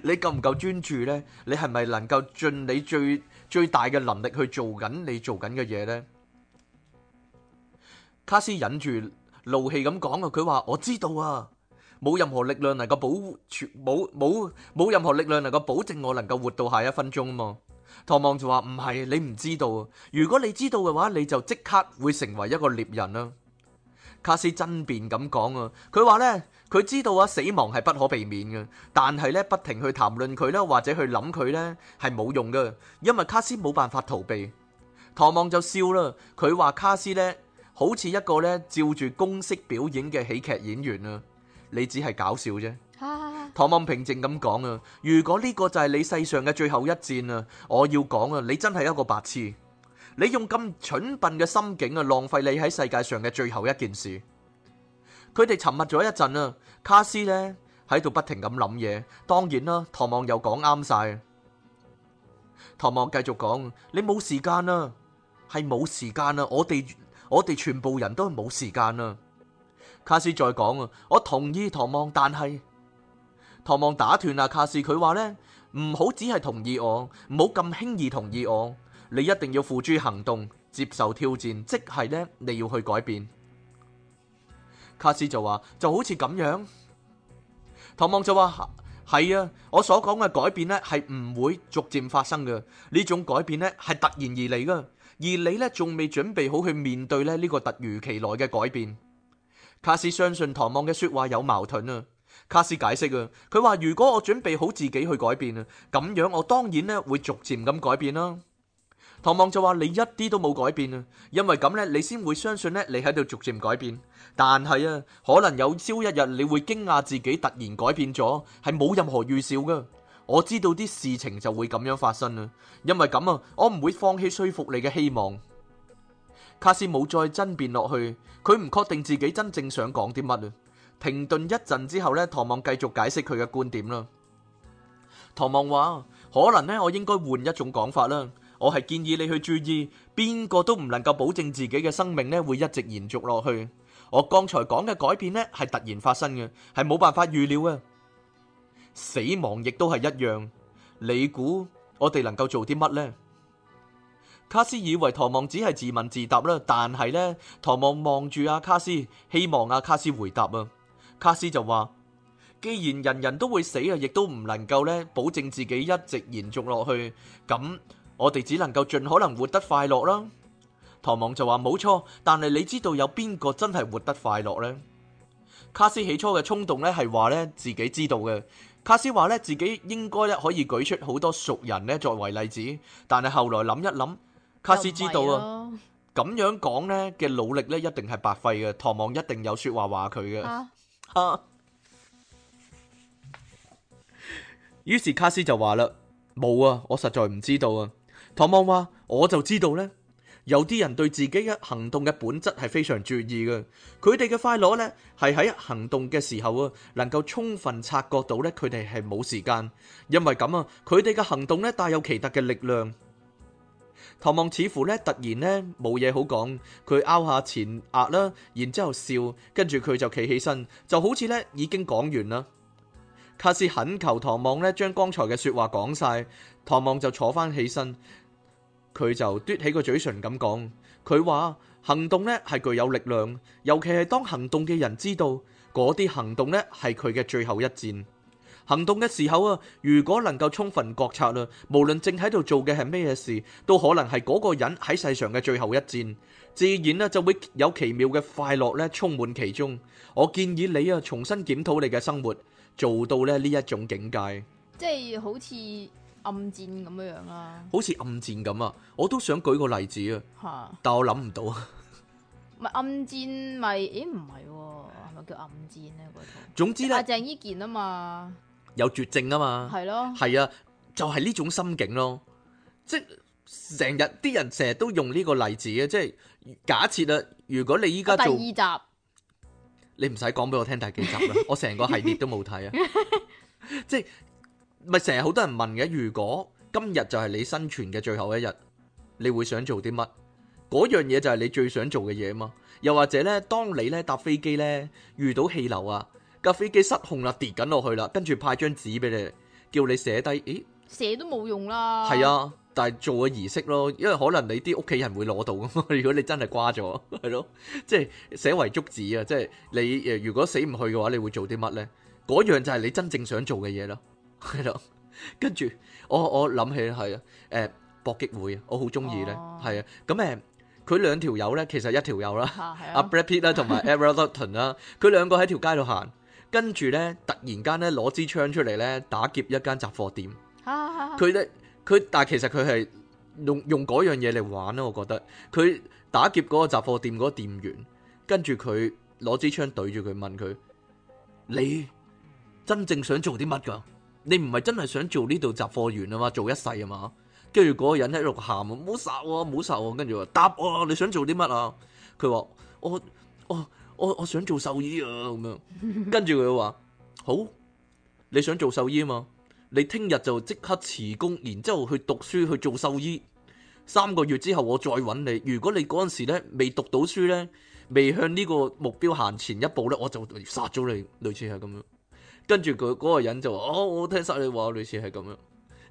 你夠唔夠專注咧？你係咪能夠盡你最最大嘅能力去做緊你做緊嘅嘢咧？卡斯忍住。怒氣咁講啊！佢話我知道啊，冇任何力量能夠保護，冇冇冇任何力量能夠保證我能夠活到下一分鐘啊！嘛，唐望就話唔係，你唔知道啊。如果你知道嘅話，你就即刻會成為一個獵人啦。卡斯爭辯咁講啊，佢話咧佢知道啊，死亡係不可避免嘅，但係咧不停去談論佢啦，或者去諗佢咧係冇用嘅，因為卡斯冇辦法逃避。唐望就笑啦，佢話卡斯咧。好似一個咧，照住公式表演嘅喜劇演員啊。你只係搞笑啫。唐望平靜咁講啊。如果呢個就係你世上嘅最後一戰啊，我要講啊，你真係一個白痴。你用咁蠢笨嘅心境啊，浪費你喺世界上嘅最後一件事。佢哋沉默咗一陣啊。卡斯呢喺度不停咁諗嘢。當然啦，唐望又講啱晒。唐望繼續講，你冇時間啊，係冇時間啊。我哋。我哋全部人都冇時間啦。卡斯再講啊，我同意唐望，但係唐望打斷啊卡斯，佢話咧，唔好只係同意我，唔好咁輕易同意我。你一定要付諸行動，接受挑戰，即係咧你要去改變。卡斯就話就好似咁樣，唐望就話係啊，我所講嘅改變咧係唔會逐漸發生嘅，呢種改變咧係突然而嚟噶。而你咧仲未準備好去面對咧呢個突如其來嘅改變。卡斯相信唐望嘅說話有矛盾啊。卡斯解釋啊，佢話如果我準備好自己去改變啊，咁樣我當然咧會逐漸咁改變啦。唐望就話你一啲都冇改變啊，因為咁咧你先會相信咧你喺度逐漸改變。但係啊，可能有朝一日你會驚訝自己突然改變咗，係冇任何預兆噶。我知道啲事情就會咁樣發生啦，因為咁啊，我唔會放棄說服你嘅希望。卡斯冇再爭辯落去，佢唔確定自己真正想講啲乜啊。停頓一陣之後咧，唐望繼續解釋佢嘅觀點啦。唐望話：可能咧，我應該換一種講法啦。我係建議你去注意，邊個都唔能夠保證自己嘅生命咧會一直延續落去。我剛才講嘅改變咧係突然發生嘅，係冇辦法預料嘅。死亡亦都係一樣，你估我哋能夠做啲乜呢？卡斯以為唐望只係自問自答啦，但係呢，唐望望住阿卡斯，希望阿卡斯回答啊。卡斯就話：既然人人都會死啊，亦都唔能夠呢保證自己一直延續落去，咁我哋只能夠盡可能活得快樂啦。唐望就話：冇錯，但係你知道有邊個真係活得快樂呢？卡斯起初嘅衝動呢係話呢，自己知道嘅。卡斯話咧自己應該咧可以舉出好多熟人咧作為例子，但係後來諗一諗，卡斯知道啊，咁樣講咧嘅努力咧一定係白費嘅。唐望一定有說話話佢嘅，哈啊，於是卡斯就話啦，冇啊，我實在唔知道啊。唐望話，我就知道咧。有啲人對自己嘅行動嘅本質係非常注意嘅，佢哋嘅快樂呢，係喺行動嘅時候啊，能夠充分察覺到呢，佢哋係冇時間，因為咁啊，佢哋嘅行動呢，帶有奇特嘅力量。唐望似乎呢，突然呢，冇嘢好講，佢拗下前額啦，然之後笑，跟住佢就企起身，就好似呢已經講完啦。卡斯懇求唐望呢，將剛才嘅說話講晒，唐望就坐翻起身。佢就嘟起個嘴唇咁講，佢話行動咧係具有力量，尤其係當行動嘅人知道嗰啲行動咧係佢嘅最後一戰。行動嘅時候啊，如果能夠充分覺察啦，無論正喺度做嘅係咩嘢事，都可能係嗰個人喺世上嘅最後一戰。自然呢就會有奇妙嘅快樂咧充滿其中。我建議你啊，重新檢討你嘅生活，做到咧呢一種境界。即係好似。暗戰咁樣樣、啊、啦，好似暗戰咁啊！我都想舉個例子啊，啊但我諗唔到啊。咪暗戰咪？咦唔係喎，係咪、啊、叫暗戰咧？嗰、那、套、個。總之咧，鄭伊健啊嘛，有絕症啊嘛，係咯的，係啊，就係、是、呢種心境咯。即係成日啲人成日都用呢個例子啊，即係假設啊，如果你依家做第二集，你唔使講俾我聽第幾集啦， 我成個系列都冇睇啊，即係。咪成日好多人問嘅，如果今日就係你生存嘅最後一日，你會想做啲乜？嗰樣嘢就係你最想做嘅嘢啊嘛！又或者呢，當你呢搭飛機呢，遇到氣流啊，架飛機失控啦、啊，跌緊落去啦，跟住派張紙俾你，叫你寫低，誒，寫都冇用啦。係啊，但係做個儀式咯，因為可能你啲屋企人會攞到噶嘛。 如果你真係掛咗，係咯，即係寫遺囑紙啊，即係、啊、你如果死唔去嘅話，你會做啲乜呢？嗰樣就係你真正想做嘅嘢咯。係咯， 跟住我我諗起係啊，誒搏擊會我好中意咧，係啊，哦，咁誒佢兩條友咧，其實一條友啦，阿，啊啊、Brad Pitt 啦同埋 Edward Norton 啦，佢兩個喺條街度行，跟住咧突然間咧攞支槍出嚟咧打劫一間雜貨店，佢咧佢但係其實佢係用用嗰樣嘢嚟玩啦，我覺得佢打劫嗰個雜貨店嗰個店員，跟住佢攞支槍懟住佢問佢，你真正想做啲乜噶？你唔係真係想做呢度雜貨員啊嘛？做一世啊嘛？跟住嗰個人喺度喊，唔好殺我，唔好殺我，跟住話答我，你想做啲乜啊？佢話，我我我我想做獸醫啊，咁樣，跟住佢話好，你想做獸醫啊嘛？你聽日就即刻辭工，然之後去讀書去做獸醫，三個月之後我再揾你。如果你嗰陣時呢未讀到書呢，未向呢個目標行前一步呢，我就殺咗你，類似係咁樣。跟住佢嗰個人就話：哦，我聽曬你話，類似係咁樣，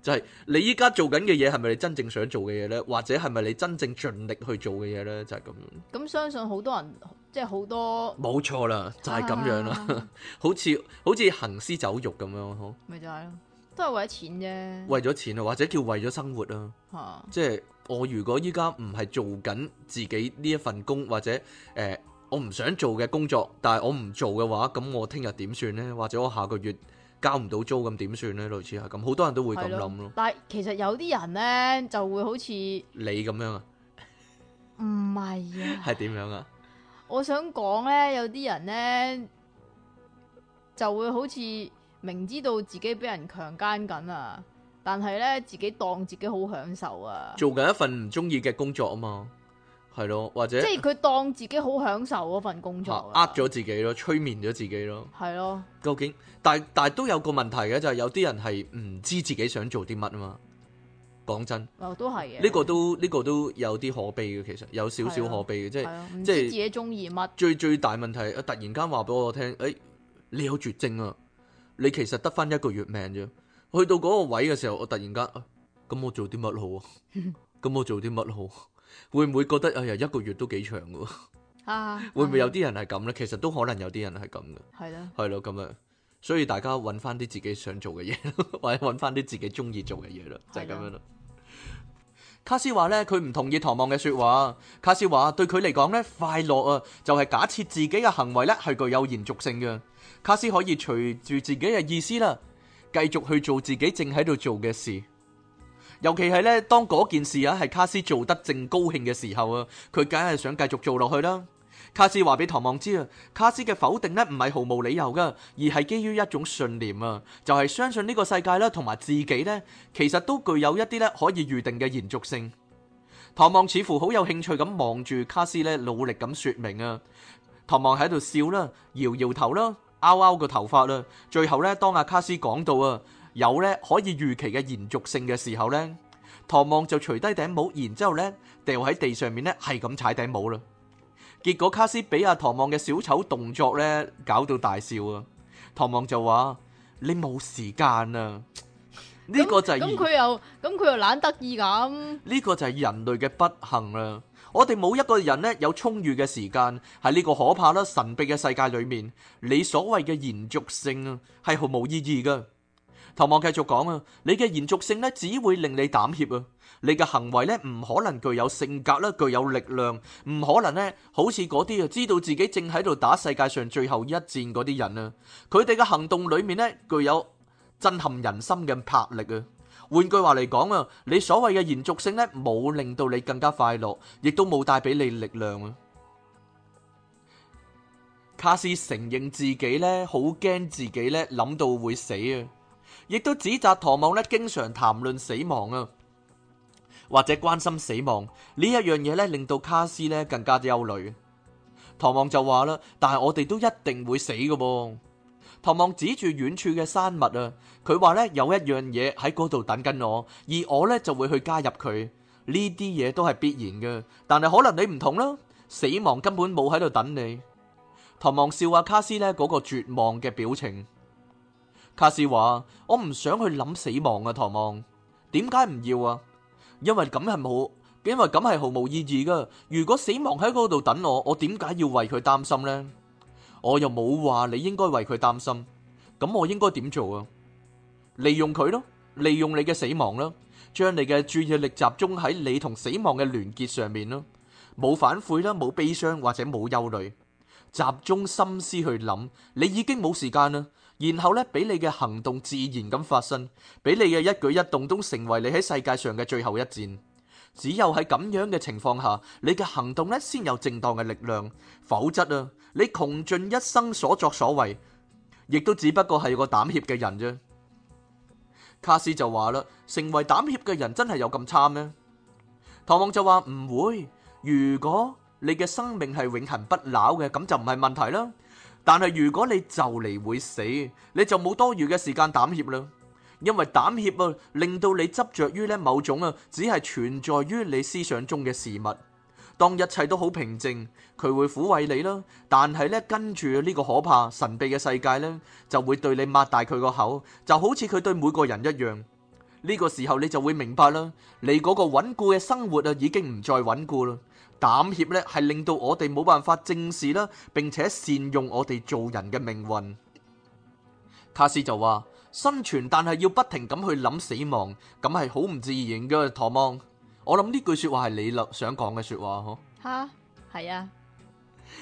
就係、是、你依家做緊嘅嘢係咪你真正想做嘅嘢呢？或者係咪你真正盡力去做嘅嘢呢？就係、是、咁樣。咁、嗯、相信好多人，即係好多。冇錯啦，就係、是、咁樣啦， 好似好似行屍走肉咁樣，咯。咪就係咯，都係為咗錢啫。為咗錢啊，或者叫為咗生活啊。即係 我如果依家唔係做緊自己呢一份工，或者誒。呃我唔想做嘅工作，但係我唔做嘅話，咁我聽日點算呢？或者我下個月交唔到租，咁點算呢？類似係咁，好多人都會咁諗咯。但係其實有啲人呢就會好似你咁樣啊？唔係啊？係點樣啊？我想講呢，有啲人呢就會好似明知道自己俾人強姦緊啊，但係呢自己當自己好享受啊。做緊一份唔中意嘅工作啊嘛。係咯，或者即係佢當自己好享受嗰份工作，呃咗自己咯，催眠咗自己咯，係咯了。究竟，但係但係都有個問題嘅，就係、是、有啲人係唔知自己想做啲乜啊嘛。講真，都係嘅。呢個都呢、這個都有啲可悲嘅，其實有少少可悲嘅，即係唔知自己中意乜。最最大問題啊！突然間話俾我聽，誒、哎，你有絕症啊！你其實得翻一個月命啫。去到嗰個位嘅時候，我突然間，咁、哎、我做啲乜好啊？咁我做啲乜好、啊？ 會唔會覺得誒，又、哎、一個月都幾長噶，啊？啊，會唔會有啲人係咁呢？其實都可能有啲人係咁嘅，係啦的，係咯，咁啊，所以大家搵翻啲自己想做嘅嘢，或者搵翻啲自己中意做嘅嘢啦，的就係咁樣啦。卡斯話呢，佢唔同意唐望嘅說話。卡斯話對佢嚟講呢，快樂啊，就係、是、假設自己嘅行為呢係具有延續性嘅。卡斯可以隨住自己嘅意思啦，繼續去做自己正喺度做嘅事。尤其係咧，當嗰件事啊係卡斯做得正高興嘅時候啊，佢梗係想繼續做落去啦。卡斯話俾唐望知啊，卡斯嘅否定咧唔係毫無理由噶，而係基於一種信念啊，就係相信呢個世界啦，同埋自己咧，其實都具有一啲咧可以預定嘅延續性。唐望似乎好有興趣咁望住卡斯咧，努力咁說明啊。唐望喺度笑啦，搖搖頭啦，拗拗個頭髮啦。最後咧，當阿卡斯講到啊。有咧可以預期嘅延續性嘅時候咧，唐望就除低頂帽，然之後咧掉喺地上面咧，係咁踩頂帽啦。結果卡斯比亞唐望嘅小丑動作咧搞到大笑啊。唐望就話：你冇時間啊！呢、呢個就係，咁佢又，咁佢又懶得意咁，呢個就係人類嘅不幸啦、啊。我哋冇一個人咧有充裕嘅時間喺呢個可怕啦神秘嘅世界裏面，你所謂嘅延續性啊係毫無意義噶。唐望繼續講啊，你嘅延續性咧只會令你膽怯啊，你嘅行為咧唔可能具有性格咧，具有力量，唔可能咧好似嗰啲啊知道自己正喺度打世界上最後一戰嗰啲人啊，佢哋嘅行動裏面咧具有震撼人心嘅魄力啊。換句話嚟講啊，你所謂嘅延續性咧冇令到你更加快樂，亦都冇帶畀你力量啊。卡斯承認自己咧好驚自己咧諗到會死啊。亦都指責唐望咧，經常談論死亡啊，或者關心死亡呢一樣嘢咧，令到卡斯咧更加之憂慮。唐望就話啦：但係我哋都一定會死嘅噃。唐望指住遠處嘅山脈啊，佢話咧有一樣嘢喺嗰度等緊我，而我咧就會去加入佢。呢啲嘢都係必然嘅，但係可能你唔同啦。死亡根本冇喺度等你。唐望笑話，卡斯咧嗰個絕望嘅表情。卡斯話：我唔想去諗死亡啊，唐望。點解唔要啊？因為咁係冇，因為咁係毫無意義噶。如果死亡喺嗰度等我，我點解要為佢擔心呢？我又冇話你應該為佢擔心。咁我應該點做啊？利用佢咯，利用你嘅死亡咯，將你嘅注意力集中喺你同死亡嘅聯結上面咯，冇反悔啦，冇悲傷或者冇憂慮，集中心思去諗。你已經冇時間啦。然後咧，俾你嘅行動自然咁發生，俾你嘅一舉一動都成為你喺世界上嘅最後一戰。但係如果你就嚟會死，你就冇多餘嘅時間膽怯啦。因為膽怯啊，令到你執着於呢某種啊，只係存在於你思想中嘅事物。當一切都好平靜，佢會撫慰你啦。但係咧，跟住呢個可怕神秘嘅世界咧，就會對你擘大佢個口，就好似佢對每個人一樣。呢個時候你就會明白啦，你嗰個穩固嘅生活啊，已經唔再穩固啦。膽怯咧，係令到我哋冇辦法正視啦，並且善用我哋做人嘅命運。卡斯就話生存，但係要不停咁去諗死亡，咁係好唔自然嘅。唐望，我諗呢句說話係你諗想講嘅說話嗬？吓，係啊。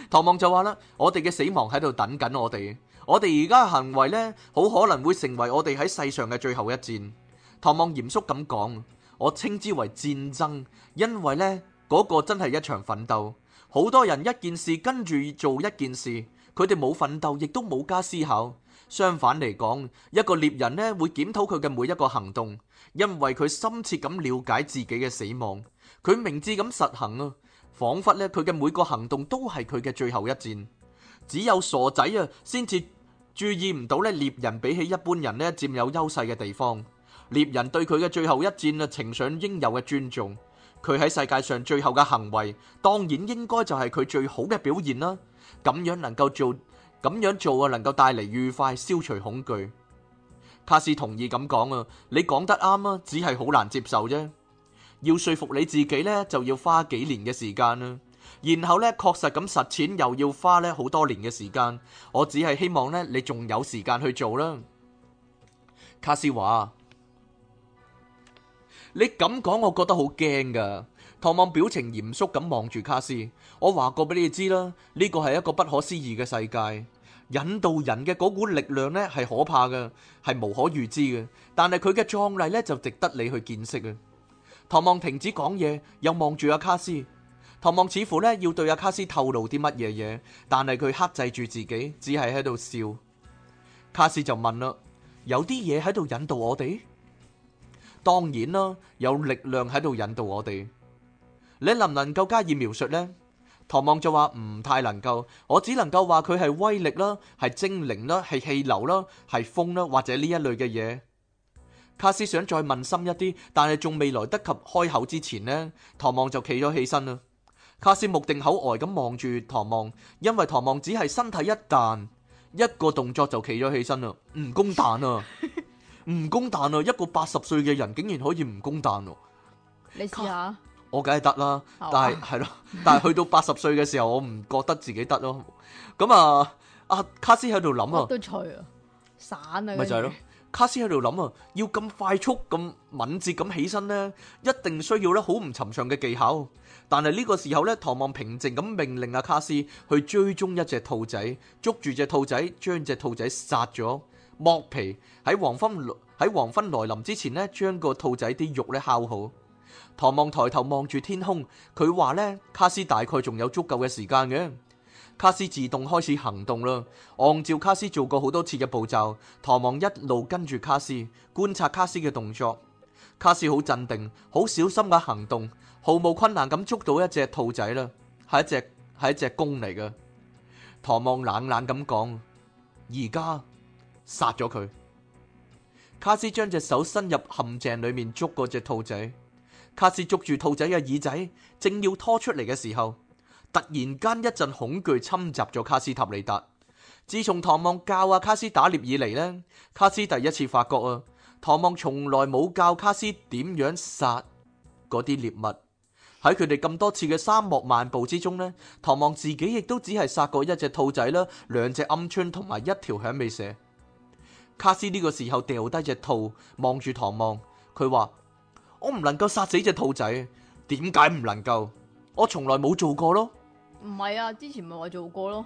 唐望就話啦，我哋嘅死亡喺度等緊我哋，我哋而家嘅行為咧，好可能會成為我哋喺世上嘅最後一戰。唐望嚴肅咁講，我稱之為戰爭，因為咧。嗰個真係一場奮鬥，好多人一件事跟住做一件事，佢哋冇奮鬥，亦都冇加思考。相反嚟講，一個獵人咧，會檢討佢嘅每一個行動，因為佢深切咁了解自己嘅死亡，佢明智咁實行啊，仿佛咧佢嘅每個行動都係佢嘅最後一戰。只有傻仔啊，先至注意唔到咧獵人比起一般人咧佔有優勢嘅地方。獵人對佢嘅最後一戰啊，呈上應有嘅尊重。佢喺世界上最後嘅行為，當然應該就係佢最好嘅表現啦。咁樣能夠做，咁樣做啊，能夠帶嚟愉快，消除恐懼。卡斯同意咁講啊，你講得啱啊，只係好難接受啫。要說服你自己呢，就要花幾年嘅時間啦。然後呢，確實咁實踐又要花呢好多年嘅時間。我只係希望呢，你仲有時間去做啦。卡斯話。你咁講，我覺得好驚噶。唐望表情嚴肅咁望住卡斯，我話過俾你知啦，呢個係一個不可思議嘅世界，引導人嘅嗰股力量呢係可怕嘅，係無可預知嘅。但係佢嘅壯麗呢就值得你去見識啊！唐望停止講嘢，又望住阿卡斯。唐望似乎呢要對阿卡斯透露啲乜嘢嘢，但係佢克制住自己，只係喺度笑。卡斯就問啦：有啲嘢喺度引導我哋？當然啦，有力量喺度引導我哋。你能唔能夠加以描述呢？唐望就話唔太能夠，我只能夠話佢係威力啦，係精靈啦，係氣流啦，係風啦，或者呢一類嘅嘢。卡斯想再問深一啲，但係仲未來得及開口之前呢，唐望就企咗起身啦。卡斯目定口呆咁望住唐望，因為唐望只係身體一彈，一個動作就企咗起身啦，武功彈啊！唔公彈啊！一個八十歲嘅人竟然可以唔公彈喎、啊！你試下，我梗係得啦。但係係咯，但係去到八十歲嘅時候，我唔覺得自己得咯。咁啊，阿卡斯喺度諗啊，都脆啊，散啊，咪就係咯。卡斯喺度諗啊，要咁快速、咁敏捷咁起身咧，一定需要咧好唔尋常嘅技巧。但係呢個時候咧，唐望平靜咁命令阿、啊、卡斯去追蹤一隻兔仔，捉住隻兔仔，將隻兔仔殺咗。剝皮，喺黃昏，喺黃昏來臨之前呢，將個兔仔啲肉呢烤好。唐望抬頭望住天空，佢話呢，卡斯大概仲有足夠嘅時間嘅。卡斯自動開始行動啦，按照卡斯做過好多次嘅步驟。唐望一路跟住卡斯觀察卡斯嘅動作。卡斯好鎮定，好小心嘅行動，毫無困難咁捉到一隻兔仔啦。係一隻，係一隻公嚟嘅。唐望冷冷咁講：而家。殺咗佢。卡斯將隻手伸入陷阱裏面捉嗰隻兔仔。卡斯捉住兔仔嘅耳仔，正要拖出嚟嘅時候，突然間一陣恐懼侵襲咗卡斯塔利達。自從唐望教阿卡斯打獵以嚟呢，卡斯第一次發覺啊，唐望從來冇教卡斯點樣殺嗰啲獵物。喺佢哋咁多次嘅沙漠漫步之中呢，唐望自己亦都只係殺過一隻兔仔啦，兩隻鵪鶉同埋一條響尾蛇。卡斯呢個時候掉低隻兔，望住唐望，佢話：我唔能夠殺死隻兔仔，點解唔能夠？我從來冇做過咯。唔係啊，之前咪話做過咯，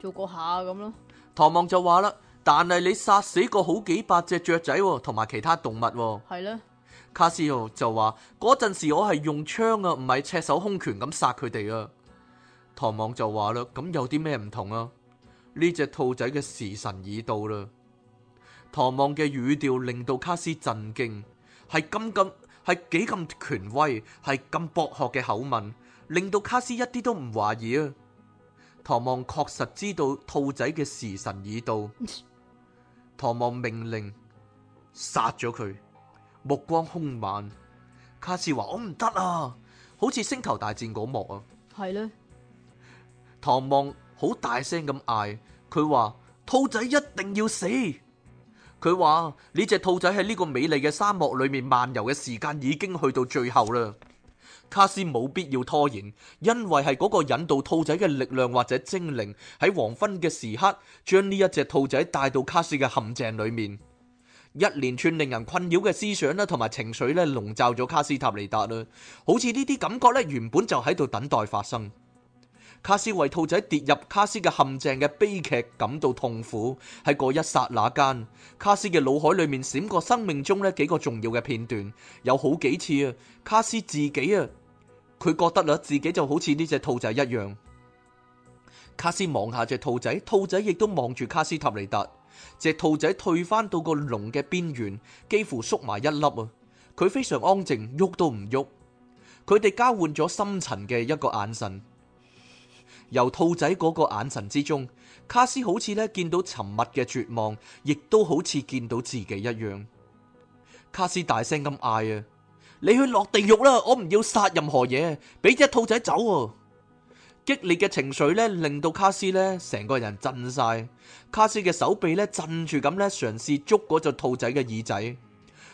做過下咁、啊、咯。唐望就話啦，但係你殺死過好幾百隻雀仔，喎，同埋其他動物，喎。係咧呢，卡斯就就話嗰陣時我係用槍啊，唔係赤手空拳咁殺佢哋啊。唐望就話啦，咁有啲咩唔同啊？呢隻兔仔嘅時辰已到啦。唐望嘅語調令到卡斯震驚，係咁咁係幾咁權威，係咁博學嘅口吻，令到卡斯一啲都唔懷疑啊。唐望確實知道兔仔嘅時辰已到，唐望命令殺咗佢，目光兇猛。卡斯話：我唔得啊，好似星球大戰嗰幕啊。係咧的，唐望好大聲咁嗌，佢話兔仔一定要死。佢話呢隻兔仔喺呢個美麗嘅沙漠裏面漫遊嘅時間已經去到最後啦。卡斯冇必要拖延，因為係嗰個引導兔仔嘅力量或者精靈喺黃昏嘅時刻將呢一隻兔仔帶到卡斯嘅陷阱裏面。一連串令人困擾嘅思想咧，同埋情緒咧，籠罩咗卡斯塔尼達啦，好似呢啲感覺咧原本就喺度等待發生。卡斯為兔仔跌入卡斯嘅陷阱嘅悲劇感到痛苦。喺嗰一剎那間，卡斯嘅腦海裏面閃過生命中呢幾個重要嘅片段。有好幾次啊，卡斯自己啊，佢覺得啦，自己就好似呢隻兔仔一樣。卡斯望下隻兔仔，兔仔亦都望住卡斯塔尼達。隻兔仔退翻到個籠嘅邊緣，幾乎縮埋一粒啊。佢非常安靜，喐都唔喐。佢哋交換咗深沉嘅一個眼神。由兔仔嗰個眼神之中，卡斯好似咧見到沉默嘅絕望，亦都好似見到自己一樣。卡斯大聲咁嗌啊！你去落地獄啦！我唔要殺任何嘢，俾隻兔仔走。激烈嘅情緒咧，令到卡斯咧成個人震晒。卡斯嘅手臂咧震住咁咧，嘗試捉嗰隻兔仔嘅耳仔，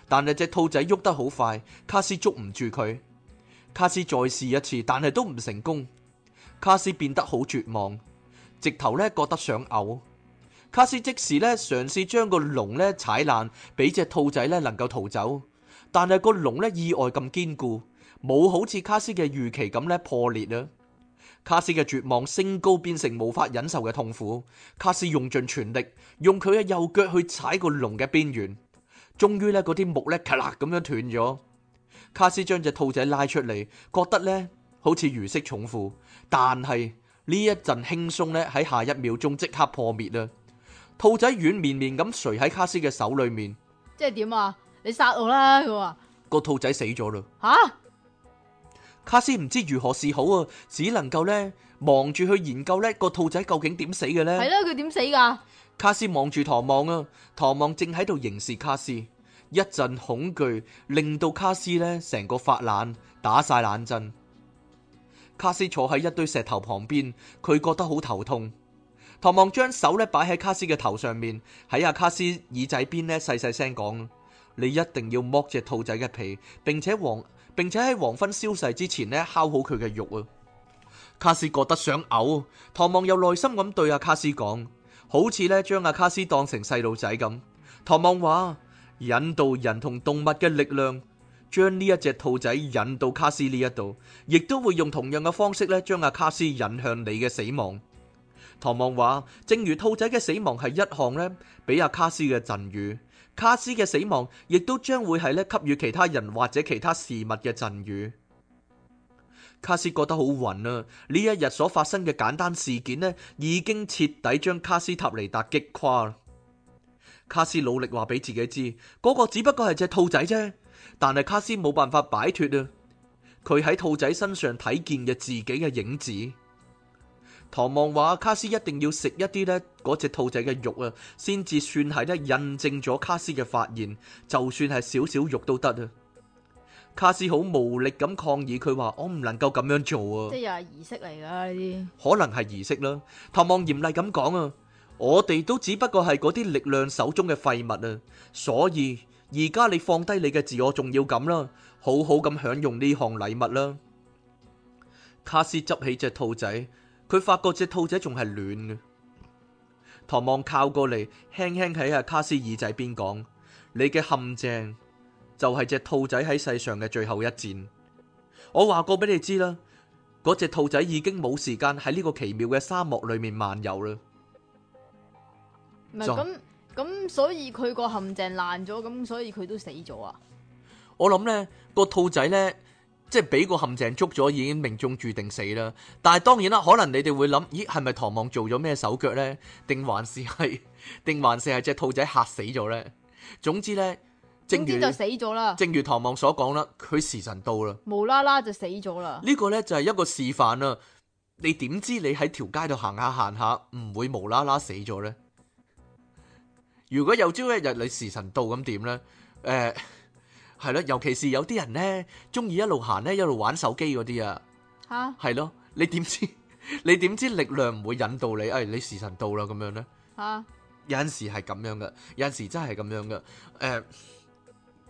但係隻兔仔喐得好快，卡斯捉唔住佢。卡斯再試一次，但係都唔成功。卡斯變得好絕望，直頭咧覺得想嘔。卡斯即時咧嘗試將個籠咧踩爛，俾隻兔仔咧能夠逃走。但係個籠咧意外咁堅固，冇好似卡斯嘅預期咁咧破裂啊！卡斯嘅絕望升高，變成無法忍受嘅痛苦。卡斯用盡全力，用佢嘅右腳去踩個籠嘅邊緣，終於咧嗰啲木咧咔啦咁樣斷咗。卡斯將隻兔仔拉出嚟，覺得咧。好似如釋重負，但係呢一陣輕鬆咧，喺下一秒鐘即刻破滅啦。兔仔軟綿綿咁垂喺卡斯嘅手裏面，即係點啊？你殺我啦！佢話個兔仔死咗啦。吓？卡斯唔知如何是好啊，只能夠咧忙住去研究咧個兔仔究竟點死嘅咧。係啦，佢點死噶？卡斯望住唐望啊，唐望正喺度凝視卡斯。一陣恐懼，令到卡斯咧成個發冷，打晒冷震。卡斯坐喺一堆石頭旁邊，佢覺得好頭痛。唐望將手咧擺喺卡斯嘅頭上面，喺阿卡斯耳仔邊咧細細聲講：你一定要剝隻兔仔嘅皮，並且黃並且喺黃昏消逝之前咧烤好佢嘅肉啊！卡斯覺得想嘔，唐望又耐心咁對阿卡斯講，好似咧將阿卡斯當成細路仔咁。唐望話：引導人同動物嘅力量。將呢一隻兔仔引到卡斯呢一度，亦都會用同樣嘅方式咧，將阿卡斯引向你嘅死亡。唐望話：正如兔仔嘅死亡係一項咧，俾阿卡斯嘅贈予，卡斯嘅死亡亦都將會係咧給予其他人或者其他事物嘅贈予。卡斯覺得好暈啊！呢一日所發生嘅簡單事件咧，已經徹底將卡斯塔尼達擊垮。卡斯努力話俾自己知，嗰個只不過係隻兔仔啫。但係卡斯冇辦法擺脱啊！佢喺兔仔身上睇見嘅自己嘅影子。唐望話：卡斯一定要食一啲呢嗰隻兔仔嘅肉啊，先至算係呢印證咗卡斯嘅發現。就算係少少肉都得啊！卡斯好無力咁抗議，佢話：我唔能夠咁樣做啊！即係儀式嚟噶呢啲，可能係儀式啦。唐望嚴厲咁講啊：我哋都只不過係嗰啲力量手中嘅廢物啊，所以。而家你放低你嘅自我重要感啦，好好咁享用呢項禮物啦。卡斯執起隻兔仔，佢發覺隻兔仔仲係暖嘅。唐望靠過嚟，輕輕喺阿卡斯耳仔邊講：你嘅陷阱就係隻兔仔喺世上嘅最後一戰。我話過俾你知啦，嗰隻兔仔已經冇時間喺呢個奇妙嘅沙漠裏面漫遊啦。咁所以佢個陷阱爛咗，咁所以佢都死咗啊！我諗呢、呢個兔仔呢，即係俾個陷阱捉咗，已經命中注定死啦。但係當然啦，可能你哋會諗，咦，係咪唐望做咗咩手腳呢？定還是係定 還是係隻兔仔嚇死咗呢？」總之呢，總之就死咗啦。正如唐望所講啦，佢時辰到啦，無啦啦就死咗啦。呢個呢，就係、是、一個示範啦。你點知你喺條街度行下行下唔會無啦啦死咗呢？如果有朝一日你時辰到咁點呢？誒，係咯，尤其是有啲人呢中意，一路行呢一路玩手機嗰啲啊，吓，係咯，你點知？你點知力量唔會引導你？哎，你時辰到啦咁樣呢？吓，有陣時係咁樣㗎，有陣時真係咁樣㗎。誒，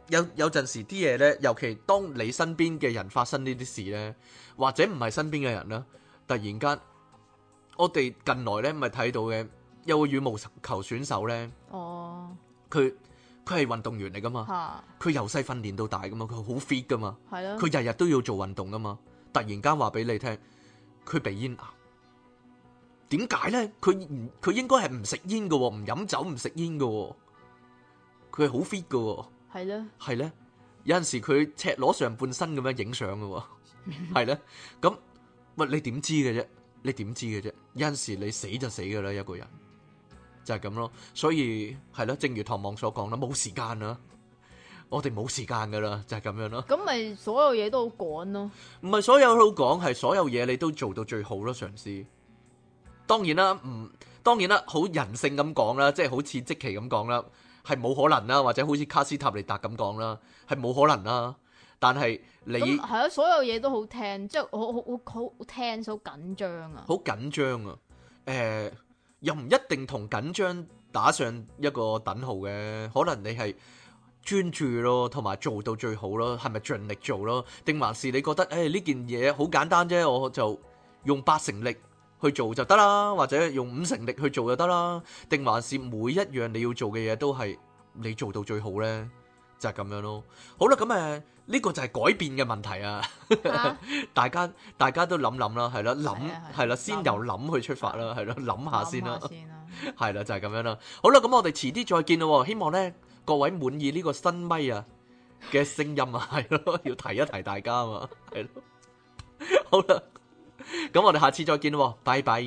有有陣時啲嘢呢，尤其當你身邊嘅人發生呢啲事呢，或者唔係身邊嘅人啦，突然間，我哋近來呢咪睇到嘅。有個羽毛球選手咧，哦，佢佢係運動員嚟噶嘛，佢由細訓練到大噶嘛，佢好 fit 噶嘛，係咯的。佢日日都要做運動噶嘛。突然間話俾你聽，佢鼻咽癌，點解咧？佢唔佢應該係唔食煙噶，唔飲酒，哦，唔食煙噶，佢係好 fit 噶，係咯的，係咧。有陣時佢赤裸上半身咁樣影相噶，係咧。咁喂，你點知嘅啫？你點知嘅啫？有陣時你死就死噶啦，一個人。就係咁咯，所以係咯，正如唐望所講啦，冇時間啦，我哋冇時間噶啦，就係、是、咁樣啦。咁咪所有嘢都好趕咯，唔係所有都好趕，係所有嘢你都做到最好咯，嘗試。當然啦，唔、嗯、當然啦，好人性咁講啦，即係好似即期咁講啦，係冇可能啦，或者好似卡斯塔尼達咁講啦，係冇可能啦。但係你係啊，所有嘢都好 tense，即係好好我好 tense，好緊張啊，好緊張啊，誒、呃。又唔一定同緊張打上一個等號嘅，可能你係專注咯，同埋做到最好咯，係咪盡力做咯？定還是你覺得誒呢、欸、件嘢好簡單啫，我就用八成力去做就得啦，或者用五成力去做就得啦？定還是每一樣你要做嘅嘢都係你做到最好呢？就係咁樣咯，好啦，咁誒呢個就係改變嘅問題啊，大家大家都諗諗啦，係啦諗係啦，先由諗去出發啦，係咯諗下先啦，係啦就係咁樣啦，好啦，咁我哋遲啲再見咯，希望咧各位滿意呢個新咪啊嘅聲音啊，係咯，要提一提大家啊嘛，係咯，好啦，咁我哋下次再見咯，拜拜。